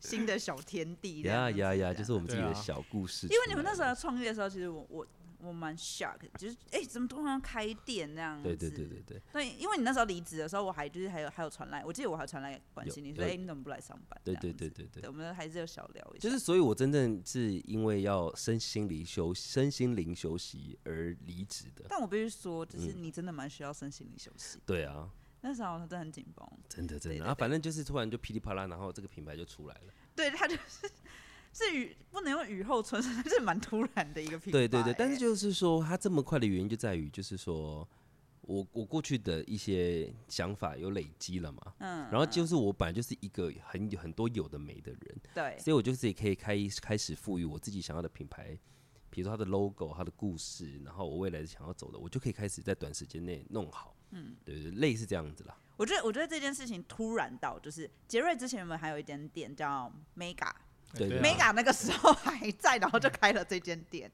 新的小天地。呀呀呀！就是我們自己的小故事、啊。因為你們那時候創業的時候，其實我我。我蠻 shock，就是哎、欸，怎麼突然開店那樣子？對對對對對,對。對，因為你那時候離職的時候，我還就是還有還有傳 LINE，我記得我還傳 LINE 關心你，說哎你怎麼不來上班？對對,對對對對對。我們還是有小聊一下。就是所以，我真正是因為要身心靈休身心靈休息而離職的、嗯。但我必須說，就是你真的蠻需要身心靈休息。對啊。那時候他真的很緊繃，真的真的對對對對對。然後反正就是突然就噼裡啪,啪啦，然後這個品牌就出來了。對他就是。是雨不能用雨後春筍，是蠻突然的一個品牌、欸。對對對，但是就是說，他這麼快的原因就在於，就是說我我過去的一些想法有累積了嘛，嗯，然後就是我本來就是一個很很,很多有的沒的人，對，所以我就是可以開開始賦予我自己想要的品牌，比如說他的 logo、他的故事，然後我未來想要走的，我就可以開始在短時間內弄好，嗯，對對，類似這樣子啦。我覺得我覺得這件事情突然到，就是杰瑞之前我們還有一點點叫 mega。對、欸、對、啊、Mega 那個時候還在，然後就開了這間店，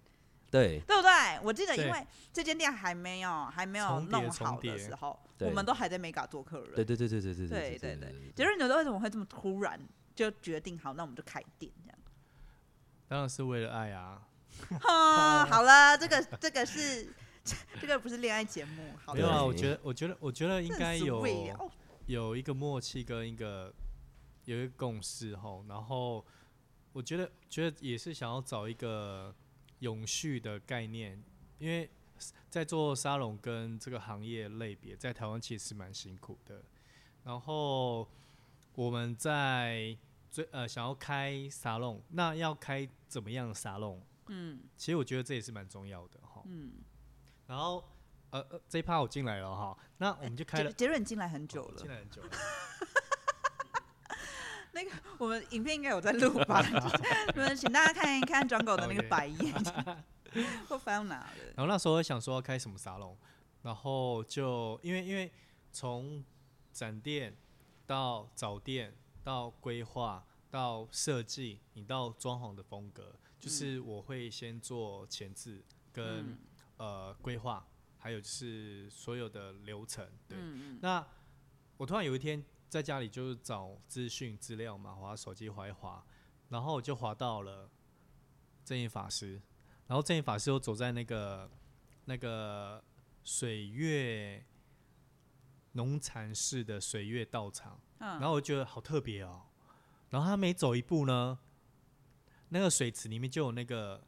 對，對不對？我記得因為這間店還沒有還沒有弄好的時候，重疊重疊我們都還在 Mega 做客人。對對對對對對對對對對，對，對，對，對，對。傑瑞你說為什麼會這麼突然就決定好？那我們就開店這樣。當然是為了愛啊！哈、 [LAUGHS] 哦，好了，這個這個是 [LAUGHS] [LAUGHS] [LAUGHS] 這個不是戀愛節目？好了，沒有啊、我覺得我覺得我覺得應該有有一個默契跟一個有一個共識吼，然後。我覺得，覺得也是想要找一個永續的概念，因為在做沙龍跟這個行業類別，在台灣其實是蠻辛苦的。然後我們在最呃想要開沙龍，那要開怎麼樣的沙龍？嗯，其實我覺得這也是蠻重要的哈。嗯。然後呃呃，這一趴我進來了哈。那我們就開杰杰瑞進來很久了，喔、進來很久了。 [LAUGHS] 那個我們影片，應該有在錄吧？ [LAUGHS] 就是、我們請大家看一看 Jungle 的那個白眼，我、okay. 翻 [LAUGHS] 哪了？然後那時候我想說要開什麼沙龍？然後就因為因為從展店到找店到規劃到設計，引到裝潢的風格，就是我會先做前置跟、嗯、呃規劃，還有就是所有的流程。對，嗯嗯，那我突然有一天。在家裡就是找資訊資料嘛，我手機滑一滑，然後我就滑到了正義法師，然後正義法師又走在那個那個水月農禪寺的水月道場，嗯，然後我覺得好特別哦，然後他每走一步呢，那個水池裡面就有那個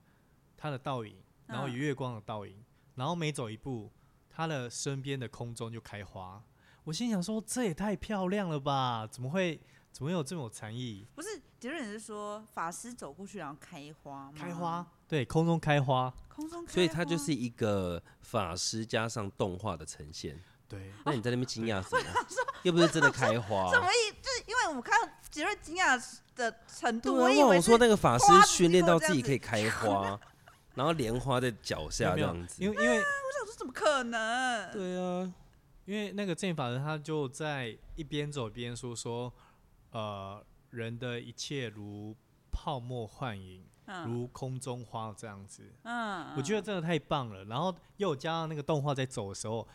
他的倒影，然後有月光的倒影，然後每走一步，他的身邊的空中就開花。我心想說，這也太漂亮了吧？怎麼會，怎麼會有這種才藝？不是，傑瑞你是說法師走過去然後開花嗎？開花，對，空中開花，空中開花，所以它就是一個法師加上動畫的呈現。對，那你在那邊驚訝什麼、啊？又不是真的開花。怎麼一就是因為我看到傑瑞驚訝的程度對、啊，我以為我說那個法師訓練到自己可以開花， [LAUGHS] 然後蓮花在腳下這樣子。有有因為因為、啊、我想說怎麼可能？對啊。因為那個正法呢，他就在一邊走一邊說說，呃，人的一切如泡沫幻影，嗯、如空中花這樣子嗯。嗯，我覺得真的太棒了。然後又加上那個動畫在走的時候，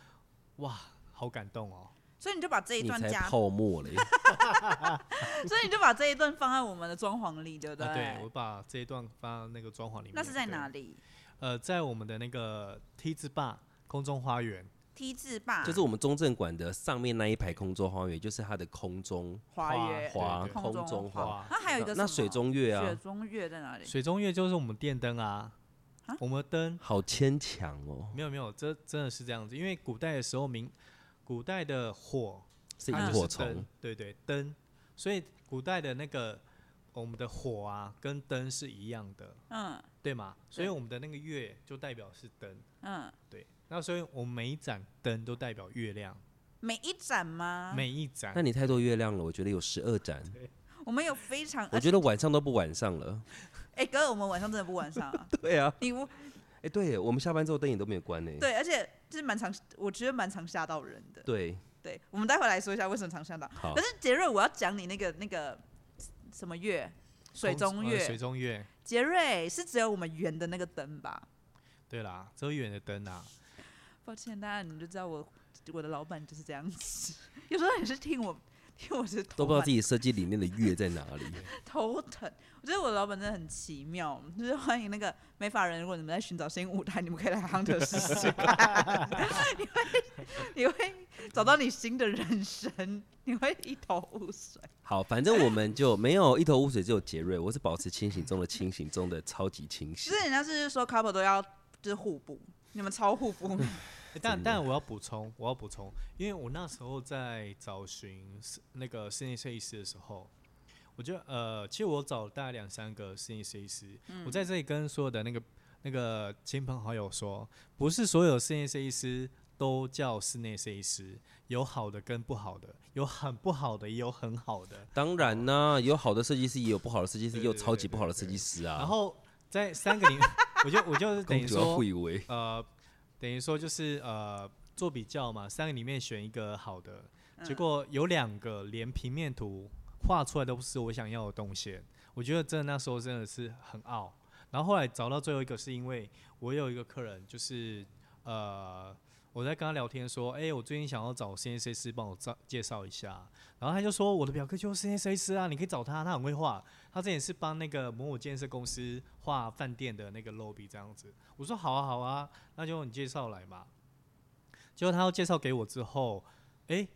哇，好感動哦。所以你就把這一段加。你才泡沫嘞。 [LAUGHS] [LAUGHS] [LAUGHS] 所以你就把這一段放在我們的裝潢裡，對不對、呃？對，我把這一段放在那個裝潢裡面。那是在哪裡？呃，在我們的那個梯子壩空中花園。T 字壩就是我們中正館的上面那一排空中花園，就是它的空中花園，空中花。中花花那還有一個，那水中月啊，水中月在哪裡？水中月就是我們電燈啊，啊，我們的燈。好牽強哦。沒有沒有，這真的是這樣子，因為古代的時候，明古代的火是螢火蟲，對對，對，燈。所以古代的那個我們的火啊，跟燈是一樣的，嗯，對嗎？所以我們的那個月就代表是燈，嗯，對。那所以，我每一盞燈都代表月亮，每一盞嗎？每一盞。那你太多月亮了，我覺得有十二盞。我們有非常，我覺得晚上都不晚上了。哎、欸，哥，我們晚上真的不晚上啊？ [LAUGHS] 對啊，你不？哎、欸，對我們下班之後燈也都沒有關呢、欸。對，而且就是蠻常，我覺得蠻常嚇到人的。對，對，我們待會來說一下為什麼常嚇到。好，可是杰瑞，我要講你那個那個什麼月水中月，呃、水中月。杰瑞是只有我們圓的那個燈吧？對啦，只有圓的燈啊。抱歉，大家你們就知道我，我的老板就是這樣子。有時候你是聽我聽我是都不知道自己設計理念的樂在哪裡， [LAUGHS] 頭疼。我覺得我的老板真的很奇妙，就是歡迎那個美髮人，如果你們在尋找新舞台，你們可以來 Hunter 試試，你會你會找到你新的人生，你會一頭霧水。好，反正我們就沒有一頭霧水，只有傑瑞，我是保持清醒中的清醒 [LAUGHS] 中的超級清醒。其實人家是說 couple 都要就是互補，你們超互補。 [LAUGHS] 欸、但但我要補充，我要補充，因為我那時候在找尋那個室內設計師的時候，我就呃，其實我找了大概兩三個室內設計師、嗯，我在這裡跟所有的那個那個親朋好友說，不是所有室內設計師都叫室內設計師，有好的跟不好的，有很不好的，也有很好的。當然呢、啊，有好的設計師，也有不好的設計師， [LAUGHS] 也有超級不好的設計師啊，對對對對對對。然後在三個裡面， [LAUGHS] 我就我就等於說主要以為，呃。等於說就是呃做比較嘛，三個裡面選一個好的，結果有兩個連平面圖畫出來都不是我想要的東西，我覺得真的那時候真的是很傲。然後後來找到最後一個是因為我有一個客人就是呃。我在跟他聊天說，哎、欸，我最近想要找 CNC 師幫我介紹一下，然後他就說我的表哥就是 CNC 師啊，你可以找他，他很會畫，他之前是幫那個某某建設公司畫飯店的那個 lobby 這樣子。我說好啊好啊，那就你介紹來嘛。結果他要介紹給我之後，哎、欸，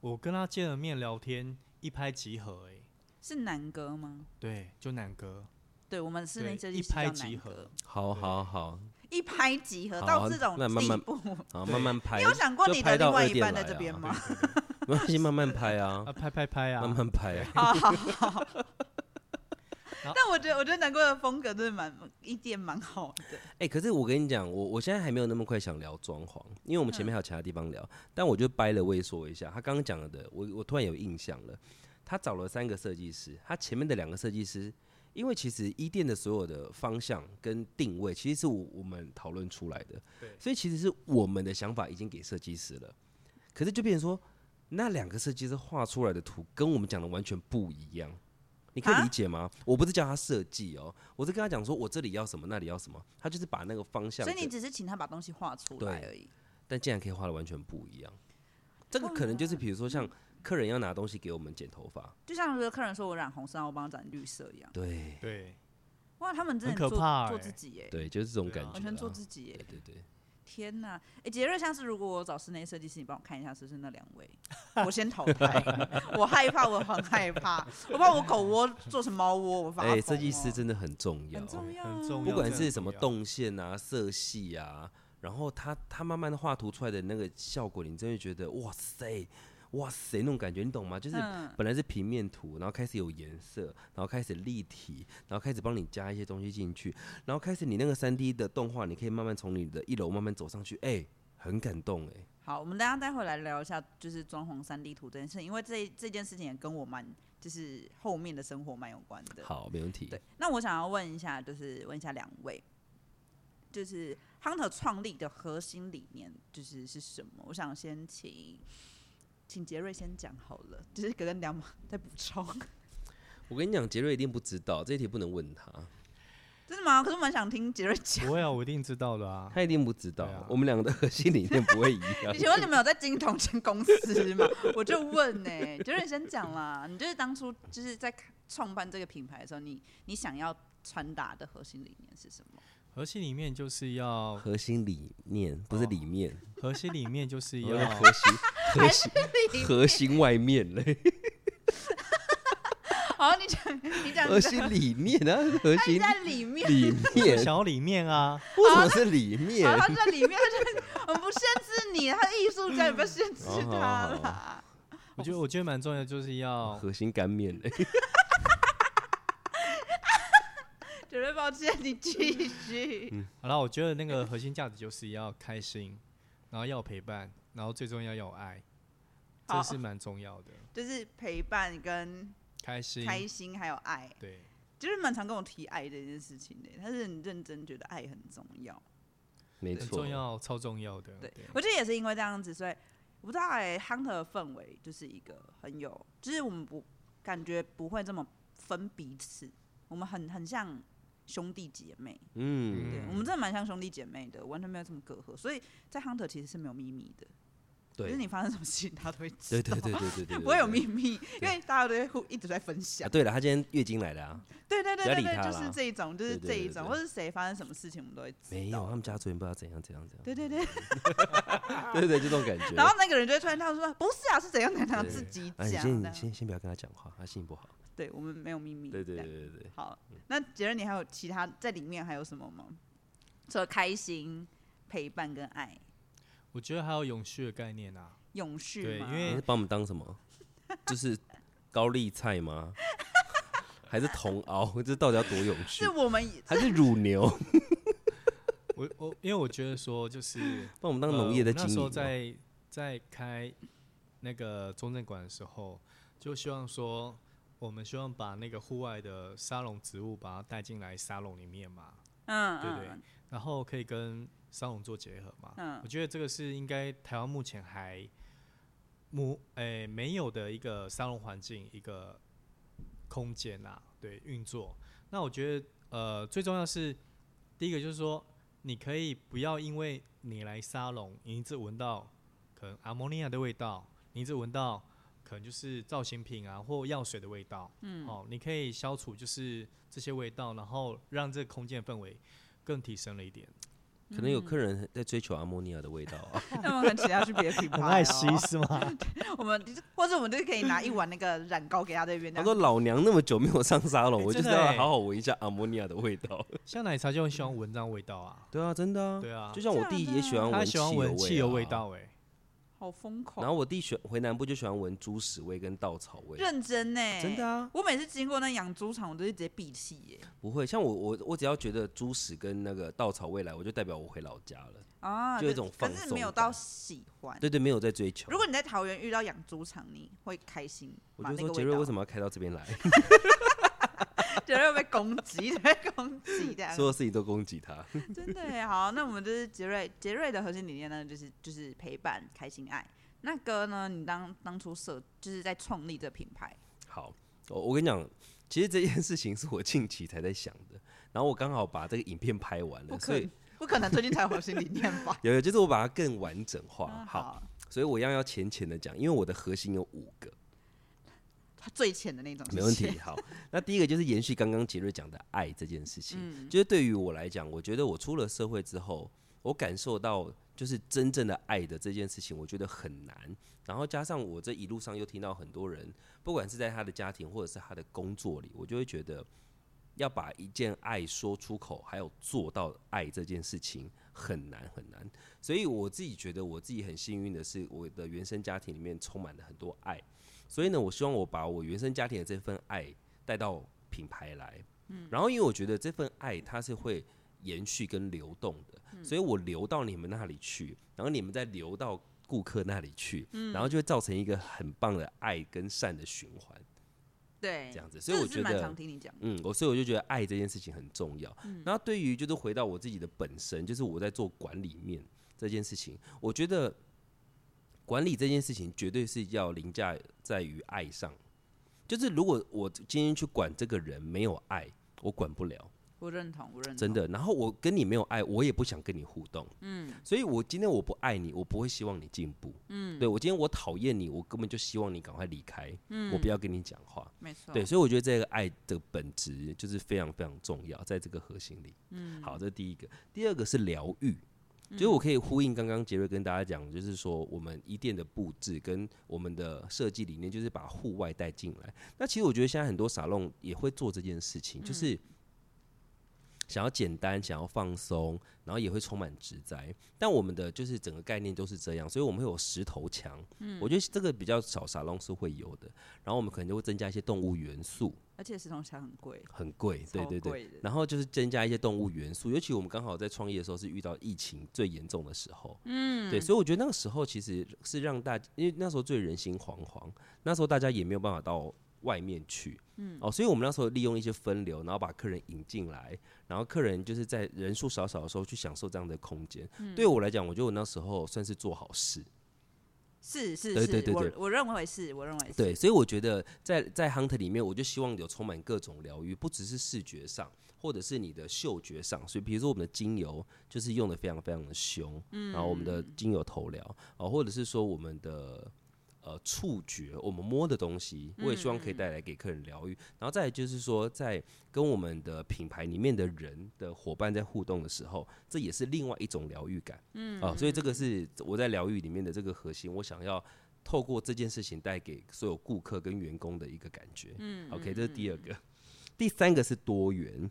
我跟他見了面聊天，一拍即合哎、欸。是南哥嗎？對，就南哥。對，我們是，就是，一拍即合。好好好。一拍即合到這種地步，好、啊、慢慢，好慢慢拍。你 [LAUGHS] 有、啊、想過你的另外一半在這邊嗎？對對對？沒關係，慢慢拍，啊，慢慢拍啊，啊，拍拍拍啊，慢慢拍。啊。好好，好， [LAUGHS] 好。但我覺得，我覺得南哥的風格真的蠻一點蠻好的。哎、欸，可是我跟你講，我我現在還沒有那麼快想聊裝潢，因為我們前面還有其他地方聊。嗯、但我就掰了微說一下，他剛剛講的，我我突然有印象了。他找了三個設計師，他前面的兩個設計師。因為其實一店的所有的方向跟定位，其實是我我們討論出來的，所以其實是我們的想法已經給設計師了。可是就變成說，那兩個設計師畫出來的圖跟我們講的完全不一樣，你可以理解嗎？啊、我不是叫他設計哦，我是跟他講說，我這裡要什麼，那裡要什麼，他就是把那個方向。所以你只是請他把東西畫出來而已，但竟然可以畫的完全不一樣，這個可能就是比如說像。客人要拿東西給我們剪頭髮，就像是客人說我染紅色，然後我幫他染綠色一樣。對對，哇，他們真的做很、欸、做自己耶、欸！對，就是這種感覺、啊，完全、啊啊、做自己耶、欸！對，對對，天哪、啊！哎、欸，傑瑞，像是如果我找室內設計師，你幫我看一下是不是那兩位？ [LAUGHS] 我先淘汰， [LAUGHS] 我害怕，我很害怕，我怕我狗窩做成貓窩，我發瘋、欸。設計、啊、師真的很重要，很重要，很重要、啊，不管是什麼動線啊、色系啊，然後他他慢慢的畫圖出來的那個效果，你真的覺得哇塞！哇塞，那種感覺你懂嗎？就是本來是平面圖，然後開始有顏色，然後開始立體，然後開始幫你加一些東西進去，然後開始你那個三 D 的動畫，你可以慢慢從你的一樓慢慢走上去，哎、欸，很感動哎、欸。好，我們大家待會來聊一下，就是裝潢三 D 圖這件事，因為這這件事情也跟我們就是後面的生活蠻有關的。好，沒問題。對，那我想要問一下，就是問一下兩位，就是 Hunter 創立的核心理念就是是什麼？我想先請。請傑瑞先講好了，只、就是跟兩碼再補充。我跟你講，傑瑞一定不知道，這些題不能問他。真的嗎？可是我蠻想聽傑瑞講。不會啊，我一定知道的啊，他一定不知道。啊、我們兩個的核心理念不會一樣。 [LAUGHS] 請問你們有在經營同間公司嗎？ [LAUGHS] 我就問哎、欸，傑瑞先講啦。你就是當初就是在創辦這個品牌的時候，你你想要傳達的核心理念是什麼？核心裡面就是要核心裡面不是裡面、哦，核心裡面就是要 [LAUGHS] 核心核心 [LAUGHS] 核心外面嘞 [LAUGHS] 哦。核心裡面啊，核心在裡面裡面小裡面啊，不、啊、為什麼是裡面、 [LAUGHS] 啊，他，他在裡面，他在，我不限制你，他藝術家也不要限制他、哦、好好好，我覺得我覺得蠻重要的，就是要、哦、核心乾麵嘞 [LAUGHS] Jerry 抱歉，你繼續。嗯，好了，我覺得那個核心價值就是要開心，然後要陪伴，然後最重要要有愛，這是蠻重要的。就是陪伴跟開心，開心還有愛。對，就是蠻常跟我提愛這件事情的、欸，他是很認真，覺得愛很重要。沒錯，很重要，超重要的對。對，我覺得也是因為這樣子，所以我不知道、欸、，Hunter 的氛圍就是一個很有，就是我們不感覺不會這麼分彼此，我們很很像。兄弟姐妹，嗯，對，我們真的蠻像兄弟姐妹的，完全沒有這麼隔閡，所以在 Hunter 其實是沒有祕密的。對，就是你發生什麼事情，他都會知道，對，對，對，不會有秘密，因為大家都會一直在分享。對了，他今天月經來了啊！對對對對，對就是這一種，就是這一種，對對對對對對，或是誰發生什麼事情，我們都會知道。沒有，他們家族也不知道怎樣怎樣怎樣。對對對，對對，就這種感覺。然後那個人就會突然他說：“不是啊，是怎樣怎樣自己講。”你先先不要跟他講話，他心情不好。對，我們沒有秘密。對對對對，對。好，那 Jerry，你還有其他在裡面還有什麼嗎？除了開心、陪伴跟愛。我覺得還有永續的概念啊，永續對，因為、啊、是把我們當什麼， [LAUGHS] 就是高麗菜嗎？ [LAUGHS] [LAUGHS] 還是茼蒿？這 [LAUGHS] 到底要多永續？是我們還是乳牛？ [LAUGHS] 我我因為我覺得說就是把我們當農業的經營。呃、我那時候在在開那個中正館的時候，就希望說我們希望把那個戶外的沙龍植物把它帶進來沙龍裡面嘛，嗯，嗯，對，對對，然後可以跟。沙龍做結合嘛，嗯，我覺得這個是應該台灣目前還沒誒、欸、沒有的一個沙龍環境一個空間吶、啊，對運作。那我覺得呃最重要是第一個就是說，你可以不要因為你來沙龍，你一直聞到可能氨 m 的味道，你一直聞到可能就是造型品啊或藥水的味道，嗯哦，你可以消除就是這些味道，然後讓這個空間氛圍更提升了一點。可能有客人在追求阿摩尼亞的味道啊，嗯， [LAUGHS] 那麼請他去別品牌，愛惜是嗎？我們或者我們都可以拿一碗那個染膏給他那這邊。他說老娘那麼久沒有上沙龍，欸欸，我就要好好聞一下阿摩尼亞的味道。像奶茶就很喜歡聞這樣味道啊， [LAUGHS] 對啊，真的啊，對啊，就像我弟也喜歡聞汽油味，啊，聞喜歡聞汽油味道哎，欸。好瘋狂！然後我弟選回南部就喜歡聞豬屎味跟稻草味。認真呢、欸啊？真的啊！我每次經過那養豬場，我都是直接閉氣耶。不會，像我我我只要覺得豬屎跟那個稻草味來，我就代表我回老家了。啊，就有一種放鬆。可是沒有到喜歡。對，對對，沒有在追求。如果你在桃園遇到養豬場，你會開心？我就說傑瑞為什麼要開到這邊來？ [LAUGHS] [LAUGHS] 杰 [LAUGHS] 瑞被攻擊，被攻擊，對，所有事情都攻擊他。真的好，那我們就是杰瑞，杰瑞的核心理念呢，就是就是陪伴、開心、愛。那哥、個、呢，你當當初設就是在創立這品牌。好，我我跟你講，其實這件事情是我近期才在想的，然後我剛好把這個影片拍完了，以所以我可能最近才有核心理念吧？有 [LAUGHS] 有，就是我把它更完整化。好，好，所以我一樣要淺淺的講，因為我的核心有五個。最淺的那種，沒問題。好，那第一個就是延續剛剛傑瑞講的愛這件事情， [LAUGHS] 就是對於我來講，我覺得我出了社會之後，我感受到就是真正的愛的這件事情，我覺得很難。然後加上我這一路上又聽到很多人，不管是在他的家庭或者是他的工作裡，我就會覺得要把一件愛說出口，還有做到愛這件事情很難很難。所以我自己覺得，我自己很幸運的是，我的原生家庭裡面充滿了很多愛。所以呢，我希望我把我原生家庭的這份愛帶到品牌來，嗯，然後因為我覺得這份愛它是會延續跟流動的，嗯、所以我流到你們那裡去，然後你們再流到顧客那裡去、嗯，然後就會造成一個很棒的愛跟善的循環，對，這樣子，所以我覺得，嗯，我所以我就覺得愛這件事情很重要。那、嗯、對於就是回到我自己的本身，就是我在做管理面這件事情，我覺得。管理這件事情絕對是要凌駕在於愛上，就是如果我今天去管這個人沒有愛，我管不了。不認同，不認同。真的，然後我跟你沒有愛，我也不想跟你互動。嗯，所以我今天我不愛你，我不會希望你進步。嗯，對，我今天我討厭你，我根本就希望你趕快離開。嗯，我不要跟你講話。沒錯。對，所以我覺得這個愛的本質就是非常非常重要，在這個核心裡。嗯，好，這是第一個。第二個是療癒。所以我可以呼應剛剛傑瑞跟大家講，就是說我們一店的佈置跟我們的設計理念，就是把戶外帶進來。那其實我覺得現在很多沙龍也會做這件事情，就是、嗯。想要簡單，想要放鬆，然後也會充滿自在。但我們的就是整個概念都是這樣，所以我們會有石頭牆。嗯，我覺得這個比較少沙龍是會有的。然後我們可能就會增加一些動物元素，而且石頭牆很貴，很貴，對對對。然後就是增加一些動物元素，尤其我們剛好在創業的時候是遇到疫情最嚴重的時候。嗯，對，所以我覺得那個時候其實是讓大家，因為那時候最人心惶惶，那時候大家也沒有辦法到外面去。嗯，哦，所以我們那時候利用一些分流，然後把客人引進來。然後客人就是在人數少少的時候去享受這樣的空間。嗯。對我來講，我覺得我那時候算是做好事。是是是，對對對對，我，我認為是，我認為是。對，所以我覺得在在 Hunter 裡面，我就希望有充滿各種療癒，不只是視覺上，或者是你的嗅覺上。所以比如說我們的精油就是用的非常非常的兇。嗯，然後我們的精油頭療啊，或者是說我們的。呃，觸覺，我們摸的東西，我也希望可以帶來給客人療癒。嗯嗯。然後再來就是說，在跟我們的品牌裡面的人，嗯，的夥伴在互動的時候，這也是另外一種療癒感。嗯，嗯，啊，所以這個是我在療癒裡面的這個核心，我想要透過這件事情帶給所有顧客跟員工的一個感覺。嗯，嗯，嗯，OK，這是第二個。第三個是多元。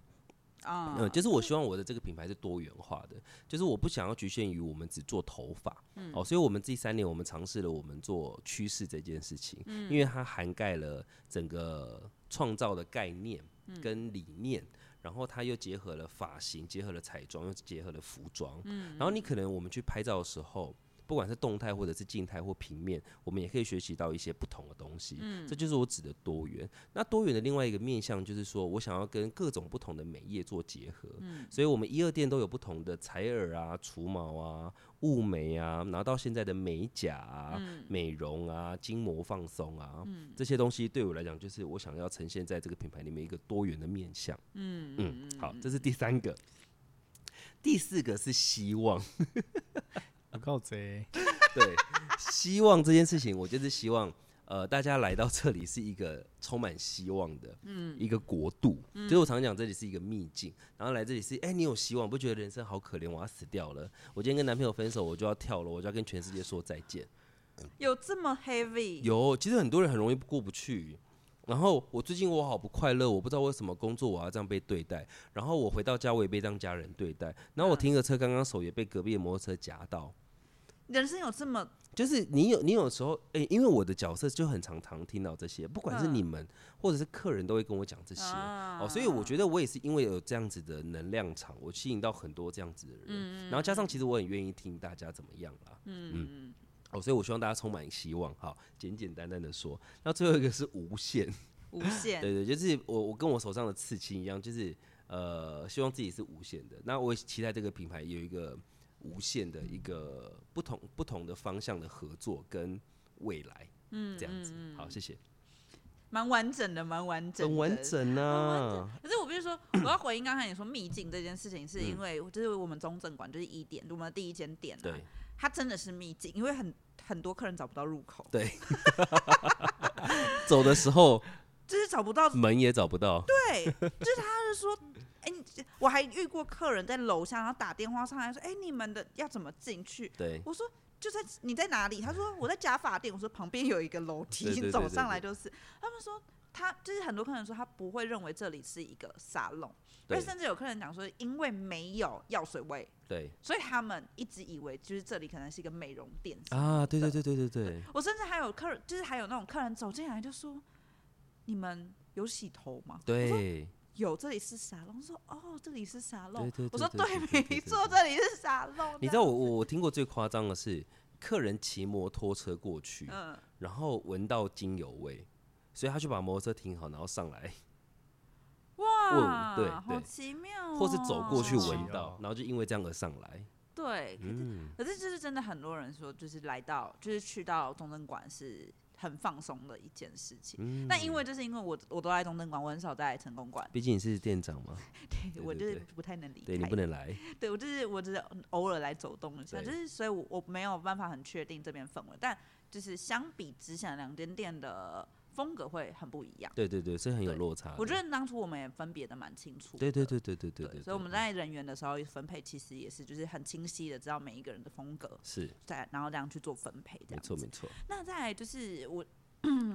Oh, 呃、就是我希望我的這個品牌是多元化的，嗯、就是我不想要局限於我們只做頭髮，嗯，哦，所以我們這三年我們嘗試了我們做趨勢這件事情，嗯、因為它涵蓋了整個創造的概念跟理念，嗯、然後它又結合了髮型，結合了彩妝，又結合了服裝，嗯，然後你可能我們去拍照的時候，不管是動態或者是靜態或平面，我們也可以學習到一些不同的東西、嗯。這就是我指的多元。那多元的另外一個面向，就是說我想要跟各種不同的美業做結合。嗯、所以我們一二店都有不同的採耳啊、除毛啊、霧眉啊，拿到現在的美甲、啊嗯、美容啊、筋膜放鬆啊，嗯、這些東西對我來講，就是我想要呈現在這個品牌裡面一個多元的面向。嗯嗯，嗯，嗯，嗯，嗯，好，這是第三個。第四個是希望。 [LAUGHS] 啊，夠賊！對，希望這件事情，我就是希望，呃，大家來到這裡是一個充滿希望的，嗯，一個國度。嗯、就是我常講，這裡是一個秘境，然後來這裡是，哎、欸，你有希望，不覺得人生好可憐，我要死掉了。我今天跟男朋友分手，我就要跳樓，我就要跟全世界說再見。有這麼 heavy？有，其實很多人很容易過不去。然後我最近我好不快樂，我不知道為什麼工作我要這樣被對待。然後我回到家我也被當家人對待。然後我停個車，剛剛手也被隔壁的摩托車夾到。人生有這麼就是你有你有時候誒、欸，因為我的角色就很常常聽到這些，不管是你們、嗯、或者是客人都會跟我講這些哦、啊喔。所以我覺得我也是因為有這樣子的能量場，我吸引到很多這樣子的人。然後加上其實我很願意聽大家怎麼樣啦。嗯嗯。哦、oh，所以我希望大家充滿希望。好，簡簡單單的說，那最後一個是無限，無限， [LAUGHS] 對，對對，就是我我跟我手上的刺青一樣，就是呃，希望自己是無限的。那我也期待這個品牌有一個無限的一個不同不同的方向的合作跟未來。嗯，這樣子，好，謝謝。蠻完整的，蠻完整的，很完整呢、啊。可是我必須說， [COUGHS] 我要回應剛才你說秘境這件事情，是因為就是我們中正館，就是一店、嗯，我們的第一間店了。對他真的是秘境，因為很很多客人找不到入口。對， [LAUGHS] 走的時候就是找不到門也找不到。對，就是他是說，哎、欸，我還遇過客人在樓下，然後打電話上來說，哎、欸，你們的要怎麼進去？對，我說就在你在哪裡？他說我在假髮店。我說旁邊有一個樓梯，對對對對對，走上來就是。他們說。他就是很多客人說，他不會認為這裡是一個沙龍，因為甚至有客人講說，因為沒有藥水味，對，所以他們一直以為就是這裡可能是一個美容店啊，對對對對對對。對，我甚至還有客人，就是還有那種客人走進來就說：“你們有洗頭嗎？”對，有，這裡是沙龍，說哦，這裡是沙龍，我說對，對，對，對，對，沒錯，這裡是沙龍。你知道我我我聽過最誇張的是，客人騎摩托車過去，嗯，然後聞到精油味。所以他就把摩托車停好，然後上來。哇，對、嗯、對，對好奇妙，哦。或是走過去聞到，哦，然後就因為這樣而上來。對，可是、嗯、可是就是真的很多人說，就是來到就是去到中正館是很放鬆的一件事情。那、嗯、因為就是因為我我都來中正館，我很少在成功館。畢竟你是店長嘛，對，對，對，對我就是不太能離開，你不能來。對我就是我就是偶爾來走動一下，就是所以我，我沒有辦法很確定這邊氛圍，但就是相比之前兩間店的。風格會很不一樣，對對對，是很有落差。我覺得當初我們也分別的蠻清楚，對對對對對對、對、對、對、對、對，所以我們在人員的時候分配，其實也是就是很清晰的，知道每一個人的風格，是，在，然後這樣去做分配這樣子，沒錯沒錯。那再來就是我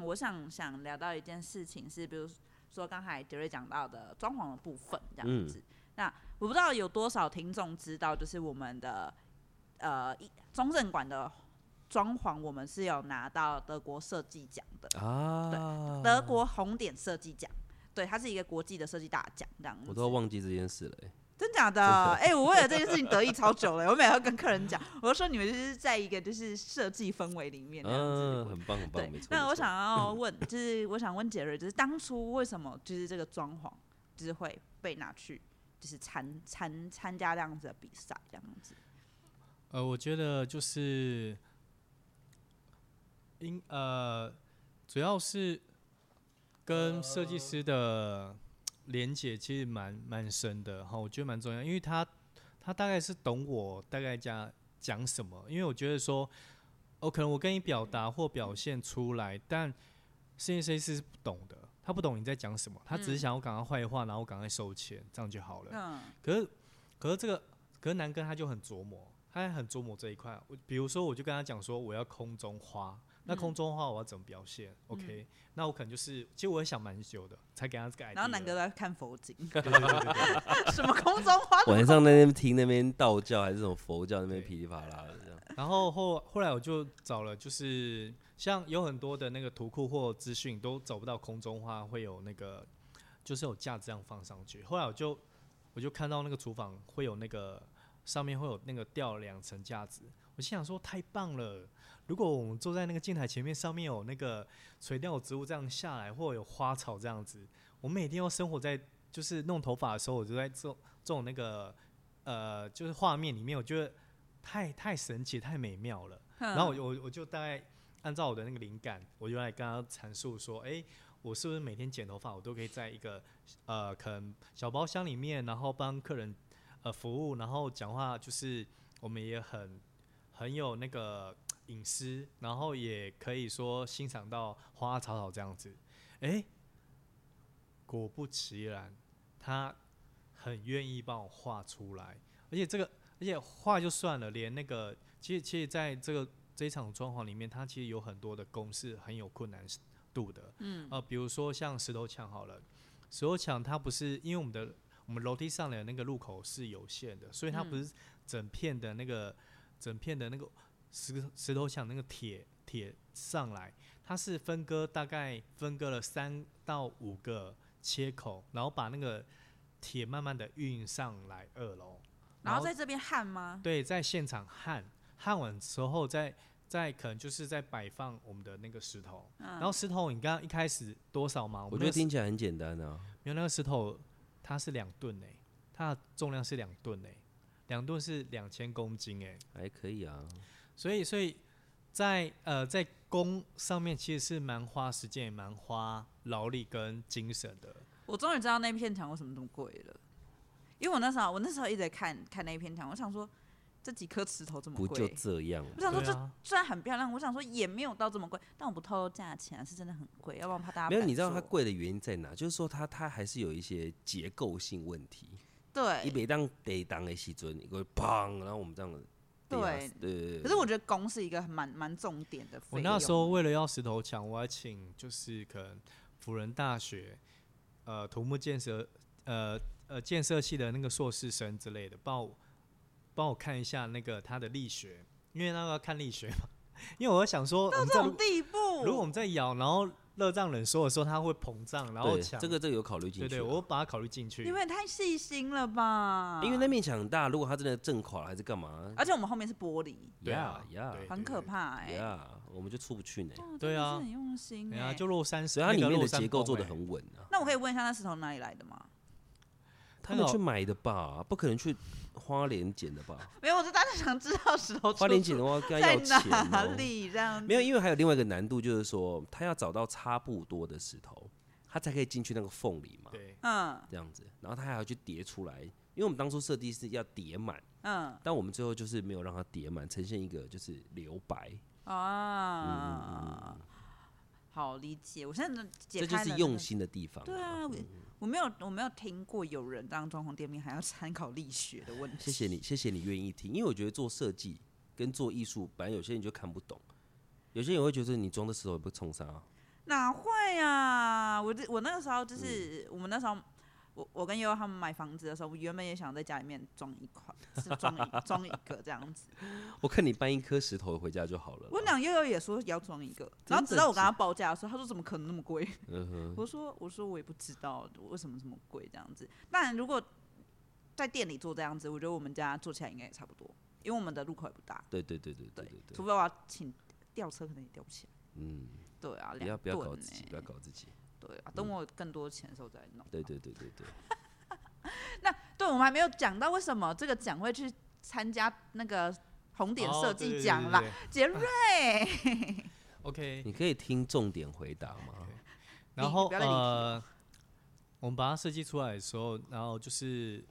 我想想聊到一件事情是，是比如說剛才傑瑞講到的裝潢的部分這樣子、嗯。那我不知道有多少聽眾知道，就是我們的呃一中正館的。裝潢我們是有拿到德國設計獎的啊，對，德國紅點設計獎，對，它是一個國際的設計大獎這樣子。我都忘記這件事了、欸，哎，真假的，哎、 [LAUGHS] 欸，我為了這件事情得意超久了，我每回跟客人講，我就說你們就是在一個就是設計氛圍裡面樣子，嗯、啊，很棒很棒，沒錯。那我想要問，就是我想問杰瑞，就是當初為什麼就是這個裝潢就是會被拿去就是參參參加這樣子的比賽這樣子？呃，我覺得就是。因呃，主要是跟設計師的連接其實蠻蠻深的哈，我覺得蠻重要，因為他他大概是懂我大概講講什麼，因為我覺得說，我、哦、可能我跟你表達或表現出來，但設計師是不懂的，他不懂你在講什麼，他只是想我講他壞話，然後我趕快收錢，這樣就好了。嗯。可是可是這個可是南哥他就很琢磨，他也很琢磨這一塊。比如說我就跟他講說我要空中花。那空中花我要怎麼表現、嗯、？OK，、嗯、那我可能就是，其實我也想蠻久的，才給他改。然後南哥都在看佛經， [LAUGHS] 對對對對 [LAUGHS] [LAUGHS] 什麼空中花？晚上在那邊聽那邊道教還是什麼佛教那邊噼里啪啦的這樣。然後後後來我就找了，就是像有很多的那個圖庫或資訊都找不到空中花會有那個，就是有架子這樣放上去。後來我就我就看到那個廚房會有那個上面會有那個吊兩層架子，我心想說太棒了。如果我們坐在那個鏡台前面，上面有那個垂吊植物這樣下來，或有花草這樣子，我們每天要生活在就是弄頭髮的時候，我就在做做那個呃，就是畫面裡面，我覺得太太神奇，太美妙了。嗯、然後我我我就大概按照我的那個靈感，我就來跟他闡述說，哎，欸，我是不是每天剪頭髮，我都可以在一個呃可能小包廂裡面，然後幫客人呃服務，然後講話，就是我們也很很有那個。隱私，然後也可以說欣賞到花花草草這樣子。誒、欸，果不其然，他很願意幫我畫出來。而且這個，而且畫就算了，連那個，其實其實在這個這一場裝潢裡面，它其實有很多的工是很有困難度的。嗯啊、呃，比如說像石頭牆好了，石頭牆它不是因為我們的我們樓梯上的那個入口是有限的，所以它不是整片的那個、嗯、整片的那個。石石頭像那個鐵鐵上來，它是分割大概分割了三到五個切口，然後把那個鐵慢慢的運上來二樓。然後在這邊焊嗎？對，在現場焊，焊完之後再再可能就是在擺放我們的那個石頭，嗯、然後石頭你剛剛一開始多少嗎我？我覺得聽起來很簡單的、啊，因為那個石頭它是兩噸呢，它的重量是兩噸呢，兩噸是兩千公斤哎、欸，還可以啊。所以，所以在呃，在工上面其實是蠻花時間，也蠻花勞力跟精神的。我終於知道那片牆為什麼這麼貴了，因為我那時候我那時候一直在看看那片牆，我想說這幾顆石頭這麼貴不就這樣。我想說這雖然很漂亮，啊、我想說也沒有到這麼貴，但我不透露價錢、啊、是真的很貴，要不然怕大家沒有。你知道它貴的原因在哪？就是說它它還是有一些結構性問題。對，你每當得當的一磚你會砰，然後我們這樣子。對，對，可是我覺得工是一個蠻蠻重點的。我那時候為了要石頭牆，我還請就是可能輔仁大學呃土木建設呃呃建設系的那個碩士生之類的，幫我幫我看一下那個他的力學，因為那個要看力學嘛，因為我想說到這種地步，嗯，如果我們在咬，然後。熱脹冷縮的時候，它會膨脹，然後牆這個這個有考慮進去，對，對對，我把它考慮進去。你們太細心了吧？欸、因為那面牆大，如果它真的震垮了還是幹嘛？而且我們後面是玻璃。Yeah, yeah, 對啊，很可怕哎、欸。Yeah, 我們就出不去呢、欸喔欸。對啊。很用心哎。就落三十，那個、它裡面的結構做的很穩、啊欸、那我可以問一下，那是從哪裡來的嗎？他們去買的吧，不可能去。那個花蓮剪的吧？喔、沒有，我就大概想知道石頭花蓮剪的話，要去哪裡？這樣沒有，因為還有另外一個難度，就是說他要找到差不多的石頭，他才可以進去那個縫裡嘛。對，嗯，這樣子，然後他還要去疊出來，因為我們當初設計是要疊滿，嗯，但我們最後就是沒有讓它疊滿，呈現一個就是留白啊。嗯嗯嗯，好理解，我現在能解開了，這就是用心的地方。對啊、嗯。我沒有，我沒有聽過有人當裝潢店面還要參考力學的問題。謝謝你，謝謝你願意聽，因為我覺得做設計跟做藝術，本來有些人就看不懂，有些人也會覺得你裝的時候也不沖煞啊？哪會啊？我這我那個時候就是、嗯、我們那時候。我我跟悠悠他們買房子的時候，我原本也想在家裡面裝一塊，是裝一裝 [LAUGHS] 一個這樣子。我看你搬一顆石頭回家就好了。我跟悠悠也說要裝一個，然後直到我跟他報價的時候，他說怎麼可能那麼貴，嗯？我說我說我也不知道為什麼這麼貴這樣子。但如果在店裡做這樣子，我覺得我們家做起來應該也差不多，因為我們的入口也不大。對對對對對對、對、對、對，除非我要請吊車，可能也吊不起來。嗯，對啊、欸，不要不要搞自己，不要搞自己。對、啊、等我更多錢的時候再弄、啊嗯。對對對對對。 [LAUGHS] 那對，我們還沒有講到為什麼這個獎會去參加那個紅點設計獎啦，哦、對對對對傑瑞。啊、OK， [LAUGHS] 你可以聽重點回答嗎？Okay. 然後呃，我們把它設計出來的時候，然後就是。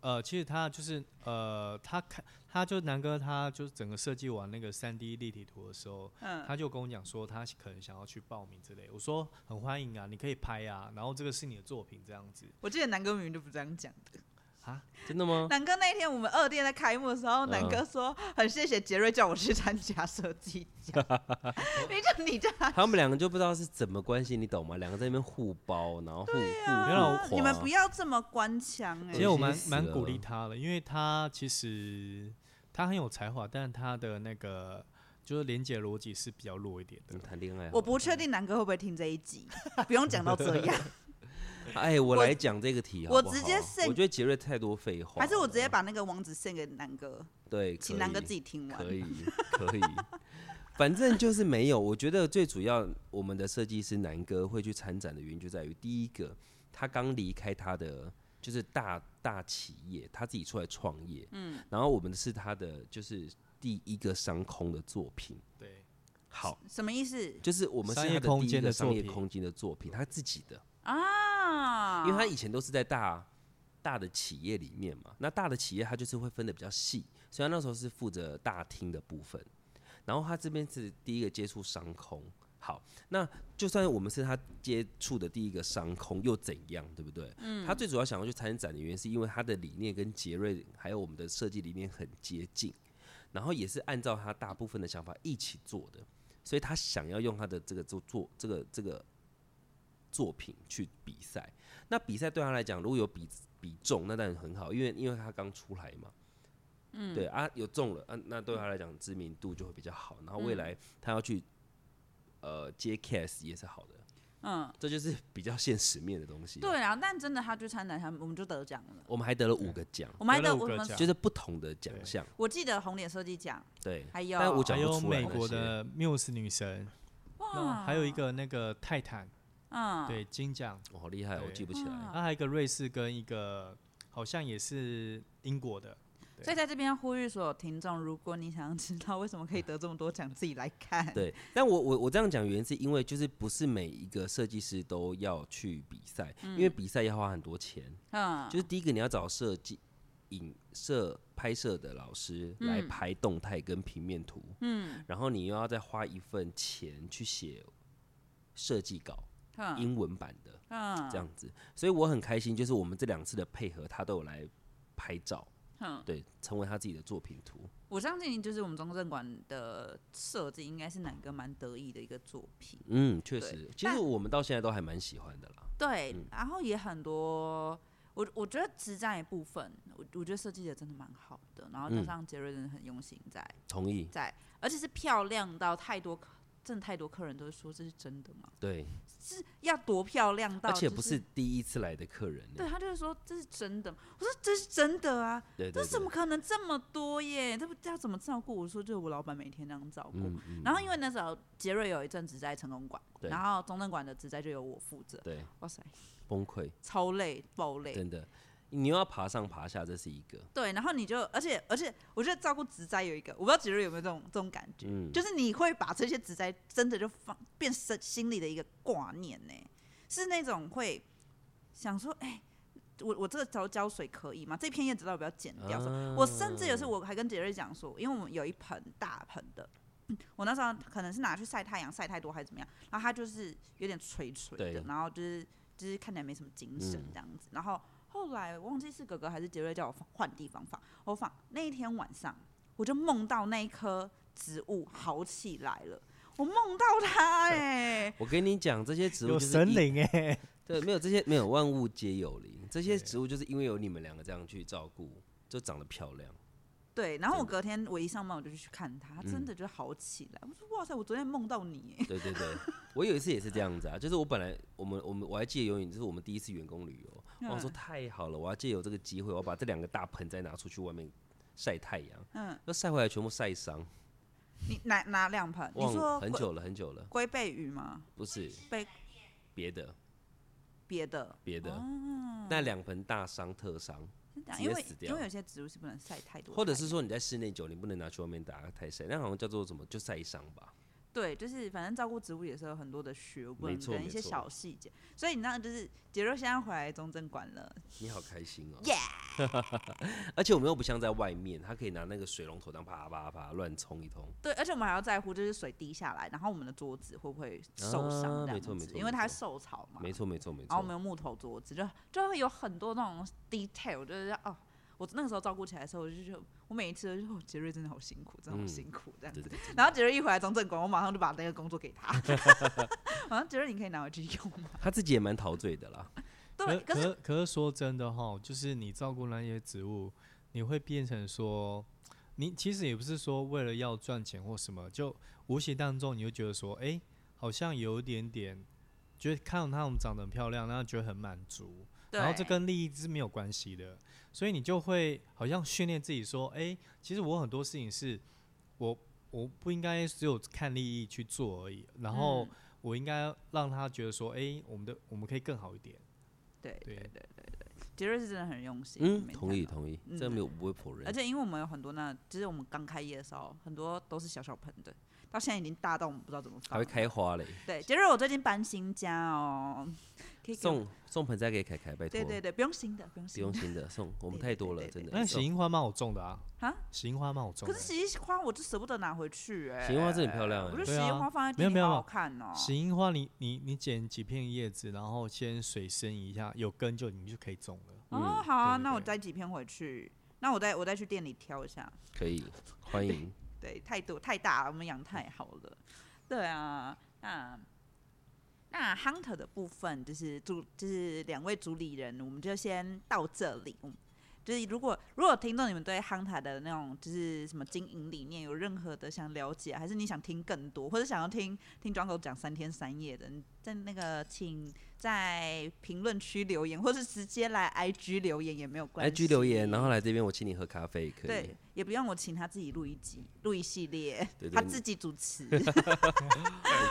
呃，其實他就是呃，他看他就南哥，他就是整個設計完那個三 D 立體圖的時候，嗯，他就跟我講說他可能想要去報名之類，我說很歡迎啊，你可以拍啊，然後這個是你的作品這樣子。我記得南哥明明就不這樣講的。啊，真的嗎？南哥那一天我們二店在開幕的時候，南、嗯、哥說很謝謝杰瑞叫我去參加設計獎，因 [LAUGHS] 你這樣，他們兩個就不知道是怎麼關係，你懂嗎？兩個在那邊互包，然後互，啊、互你們不要這麼官腔哎。其實我蠻蠻鼓勵他的，因為他其實他很有才華，但他的那個就是連接邏輯是比較弱一點的。談戀愛，我不確定南哥會不會聽這一集， [LAUGHS] 不用講到這樣。 [LAUGHS] [LAUGHS] 哎，我來講這個題好不好？我直接，我覺得傑瑞太多廢話，還是我直接把那個網址獻給南哥。對，請南哥自己聽完可。可以，可以。 [LAUGHS] 反正就是沒有。我覺得最主要，我們的設計師南哥會去參展的原因就在於，第一個，他剛離開他的就是大大企業，他自己出來創業。嗯。然後我們是他的就是第一個商空的作品。對。好。什麼意思？就是我們是第一個空間的商業空間的作品，他自己的。啊，因為他以前都是在大大的企業裡面嘛，那大的企業他就是會分得比較細，所以他那時候是負責大廳的部分，然後他這邊是第一個接觸商空，好，那就算我們是他接觸的第一個商空又怎樣，對不對？嗯，他最主要想要去參展的原因是因為他的理念跟杰瑞還有我們的設計理念很接近，然後也是按照他大部分的想法一起做的，所以他想要用他的這個做做這個這個，這個作品去比賽，那比賽對他來講，如果有比比中，那當然很好，因為因為他剛出來嘛。嗯，對啊，有中了，那、啊、那對他來講知名度就會比較好，然後未來他要去、嗯、呃接 case 也是好的。嗯，這就是比較現實面的東西。對啊，但真的他去參加，我們就得獎了，我們還得了五個獎，我們還得五個獎，就是不同的獎項、就是。我記得紅點設計獎，對，還有，但我還有美國的繆斯女神，哇，還有一個那個泰坦。嗯，對金獎，我好厲害，喔，我記不起來。那、啊、還有一個瑞士跟一個好像也是英國的，所以在這邊呼籲所有聽眾，如果你想要知道為什麼可以得這麼多獎，啊，自己來看。對，但我我我這樣講原因是因為就是不是每一個設計師都要去比賽，嗯，因為比賽要花很多錢。嗯，就是第一個你要找設計影攝拍攝的老師來拍動態跟平面圖，嗯，然後你又要再花一份錢去寫設計稿。英文版的，嗯，這樣子，所以我很開心，就是我們這兩次的配合，他都有來拍照，對，成為他自己的作品圖、嗯。我相信就是我們中正館的設計，應該是哪個蠻得意的一個作品。嗯，確實，其實我們到現在都還蠻喜歡的啦。對，然後也很多，我我覺得只佔一部分，我我覺得設計的真的蠻好的，然後加上 Jerry 真的很用心在，同意，在，而且是漂亮到太多。真的太多客人都是說，這是真的嗎？對，是要多漂亮，就是？而且不是第一次來的客人。對，他就是說這是真的，我說這是真的啊，這怎麼可能這麼多耶？他不知道怎麼照顧？我說就我老板每天那樣照顧，嗯嗯。然後因為那時候傑瑞有一陣子在成功館，然後中正館的職責就由我負責。對，哇塞，崩潰，超累，爆累，真的。你又要爬上爬下，這是一個。對，然後你就，而且而且，我覺得照顧植栽有一個，我不知道杰瑞有沒有這種這種感覺，嗯、就是你會把這些植栽真的就放變成心裡的一個掛念呢，是那種會想說，誒、欸，我我這個澆澆水可以嗎？這片葉子要不要剪掉？啊、我甚至有時候我還跟杰瑞講說，因為我們有一盆大盆的，我那時候可能是拿去曬太陽曬太多還是怎麼樣，然後它就是有點垂垂的，然後就是就是看起來沒什麼精神這樣子，嗯、然後。後來忘記是哥哥還是傑瑞叫我換地方放，我放那一天晚上，我就夢到那一棵植物好、嗯、起來了，我夢到它哎、欸嗯。我跟你講，這些植物就是有神靈哎、欸。對，沒有這些沒有萬物皆有靈， [LAUGHS] 這些植物就是因為有你們兩個這樣去照顧，就長得漂亮。對，然後我隔天我一上班我就去看它，它真的就好起來、嗯。我說哇塞，我昨天夢到你、欸。對對對， [LAUGHS] 我有一次也是這樣子啊，就是我本來我們我們我還記得有你，就是我們第一次員工旅遊。我、嗯、說太好了，我要藉由這個機會，我把這兩個大盆再拿出去外面曬太陽。嗯，那曬回來全部曬傷。你拿拿兩盆？你說很久了，很久了，龜背芋嗎？不是。背。別的。別的。別、哦、的。那兩盆大傷，特傷、啊。因為因為有些植物是不能曬太多太陽。或者是說你在室內久你不能拿去外面打太曬，那好像叫做什麼，就曬傷吧。對，就是反正照顧植物也是有很多的學問跟一些小細節，所以你知道，就是杰瑞現在回來中正館了，你好開心哦、喔、耶、yeah! [LAUGHS] 而且我們又不像在外面，他可以拿那個水龍頭這樣啪啪啪亂衝一通。對，而且我們還要在乎，就是水滴下來，然後我們的桌子會不會受傷、啊。沒錯沒錯，因為它受潮嘛。沒錯沒錯沒錯。然後我們用木頭桌子，就就會有很多那種 detail，就是哦。我那個時候照顧起來的時候，我就覺得我每一次都說杰瑞真的好辛苦，真的好辛苦這樣子。嗯、對對對，然後杰瑞一回來當正光，我馬上就把那個工作給他。好像杰瑞，你可以拿回去用嗎？他自己也蠻陶醉的啦。對，可是可是說真的哈，就是你照顧那些植物，你會變成說，你其實也不是說為了要賺錢或什麼，就無形當中你就覺得說，哎、欸，好像有一點點，覺得看到他們長得很漂亮，然後覺得很滿足。然後這跟利益是沒有關係的，所以你就會好像訓練自己說，哎、欸，其實我很多事情是，我我不應該只有看利益去做而已，然後我應該讓他覺得說，哎、欸，我們的我們可以更好一點。對對對對對，Jerry 是真的很用心。嗯，同意同意，這沒有不會否認、嗯。而且因為我們有很多呢，其、就是我們剛開業的時候，很多都是小小盆的。到現在已經大到我們不知道怎麼了。還會開花嘞。對，就是我最近搬新家哦、喔。送送盆栽給凱凱，拜託。對，對對對，不用新的，不用新的，新的送我們太多了，對對對對真的。那喜櫻花蠻好種的啊。啊，喜櫻花蠻好種。可是喜櫻花我就捨不得拿回去哎、欸。喜櫻花真的很漂亮、欸。我覺得喜櫻花放在地上好好看哦、喔。喜櫻花你，你你你剪幾片葉子，然後先水生一下，有根就你就可以種了。哦、嗯嗯，好啊對對對，那我摘幾片回去，那我再我再去店裡挑一下。可以，歡迎。對，太多太大了，我們養太好了，對啊，那那 Hunter 的部分就是主，就是兩位主理人，我們就先到這裡。就是如果如果聽眾你們對 Hunter 的那種就是什麼經營理念有任何的想了解，還是你想聽更多，或者想要聽聽莊狗講三天三夜的，在那個請在評論區留言，或是直接來 IG 留言也沒有關係，IG 留言然後來這邊我請你喝咖啡也可以，對，也不用我請他自己錄一集，錄一系列對對對，他自己主持 [LAUGHS]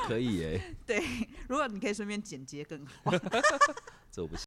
[LAUGHS] 可以耶、欸，對，如果你可以順便剪接更好， [LAUGHS] 這我不行。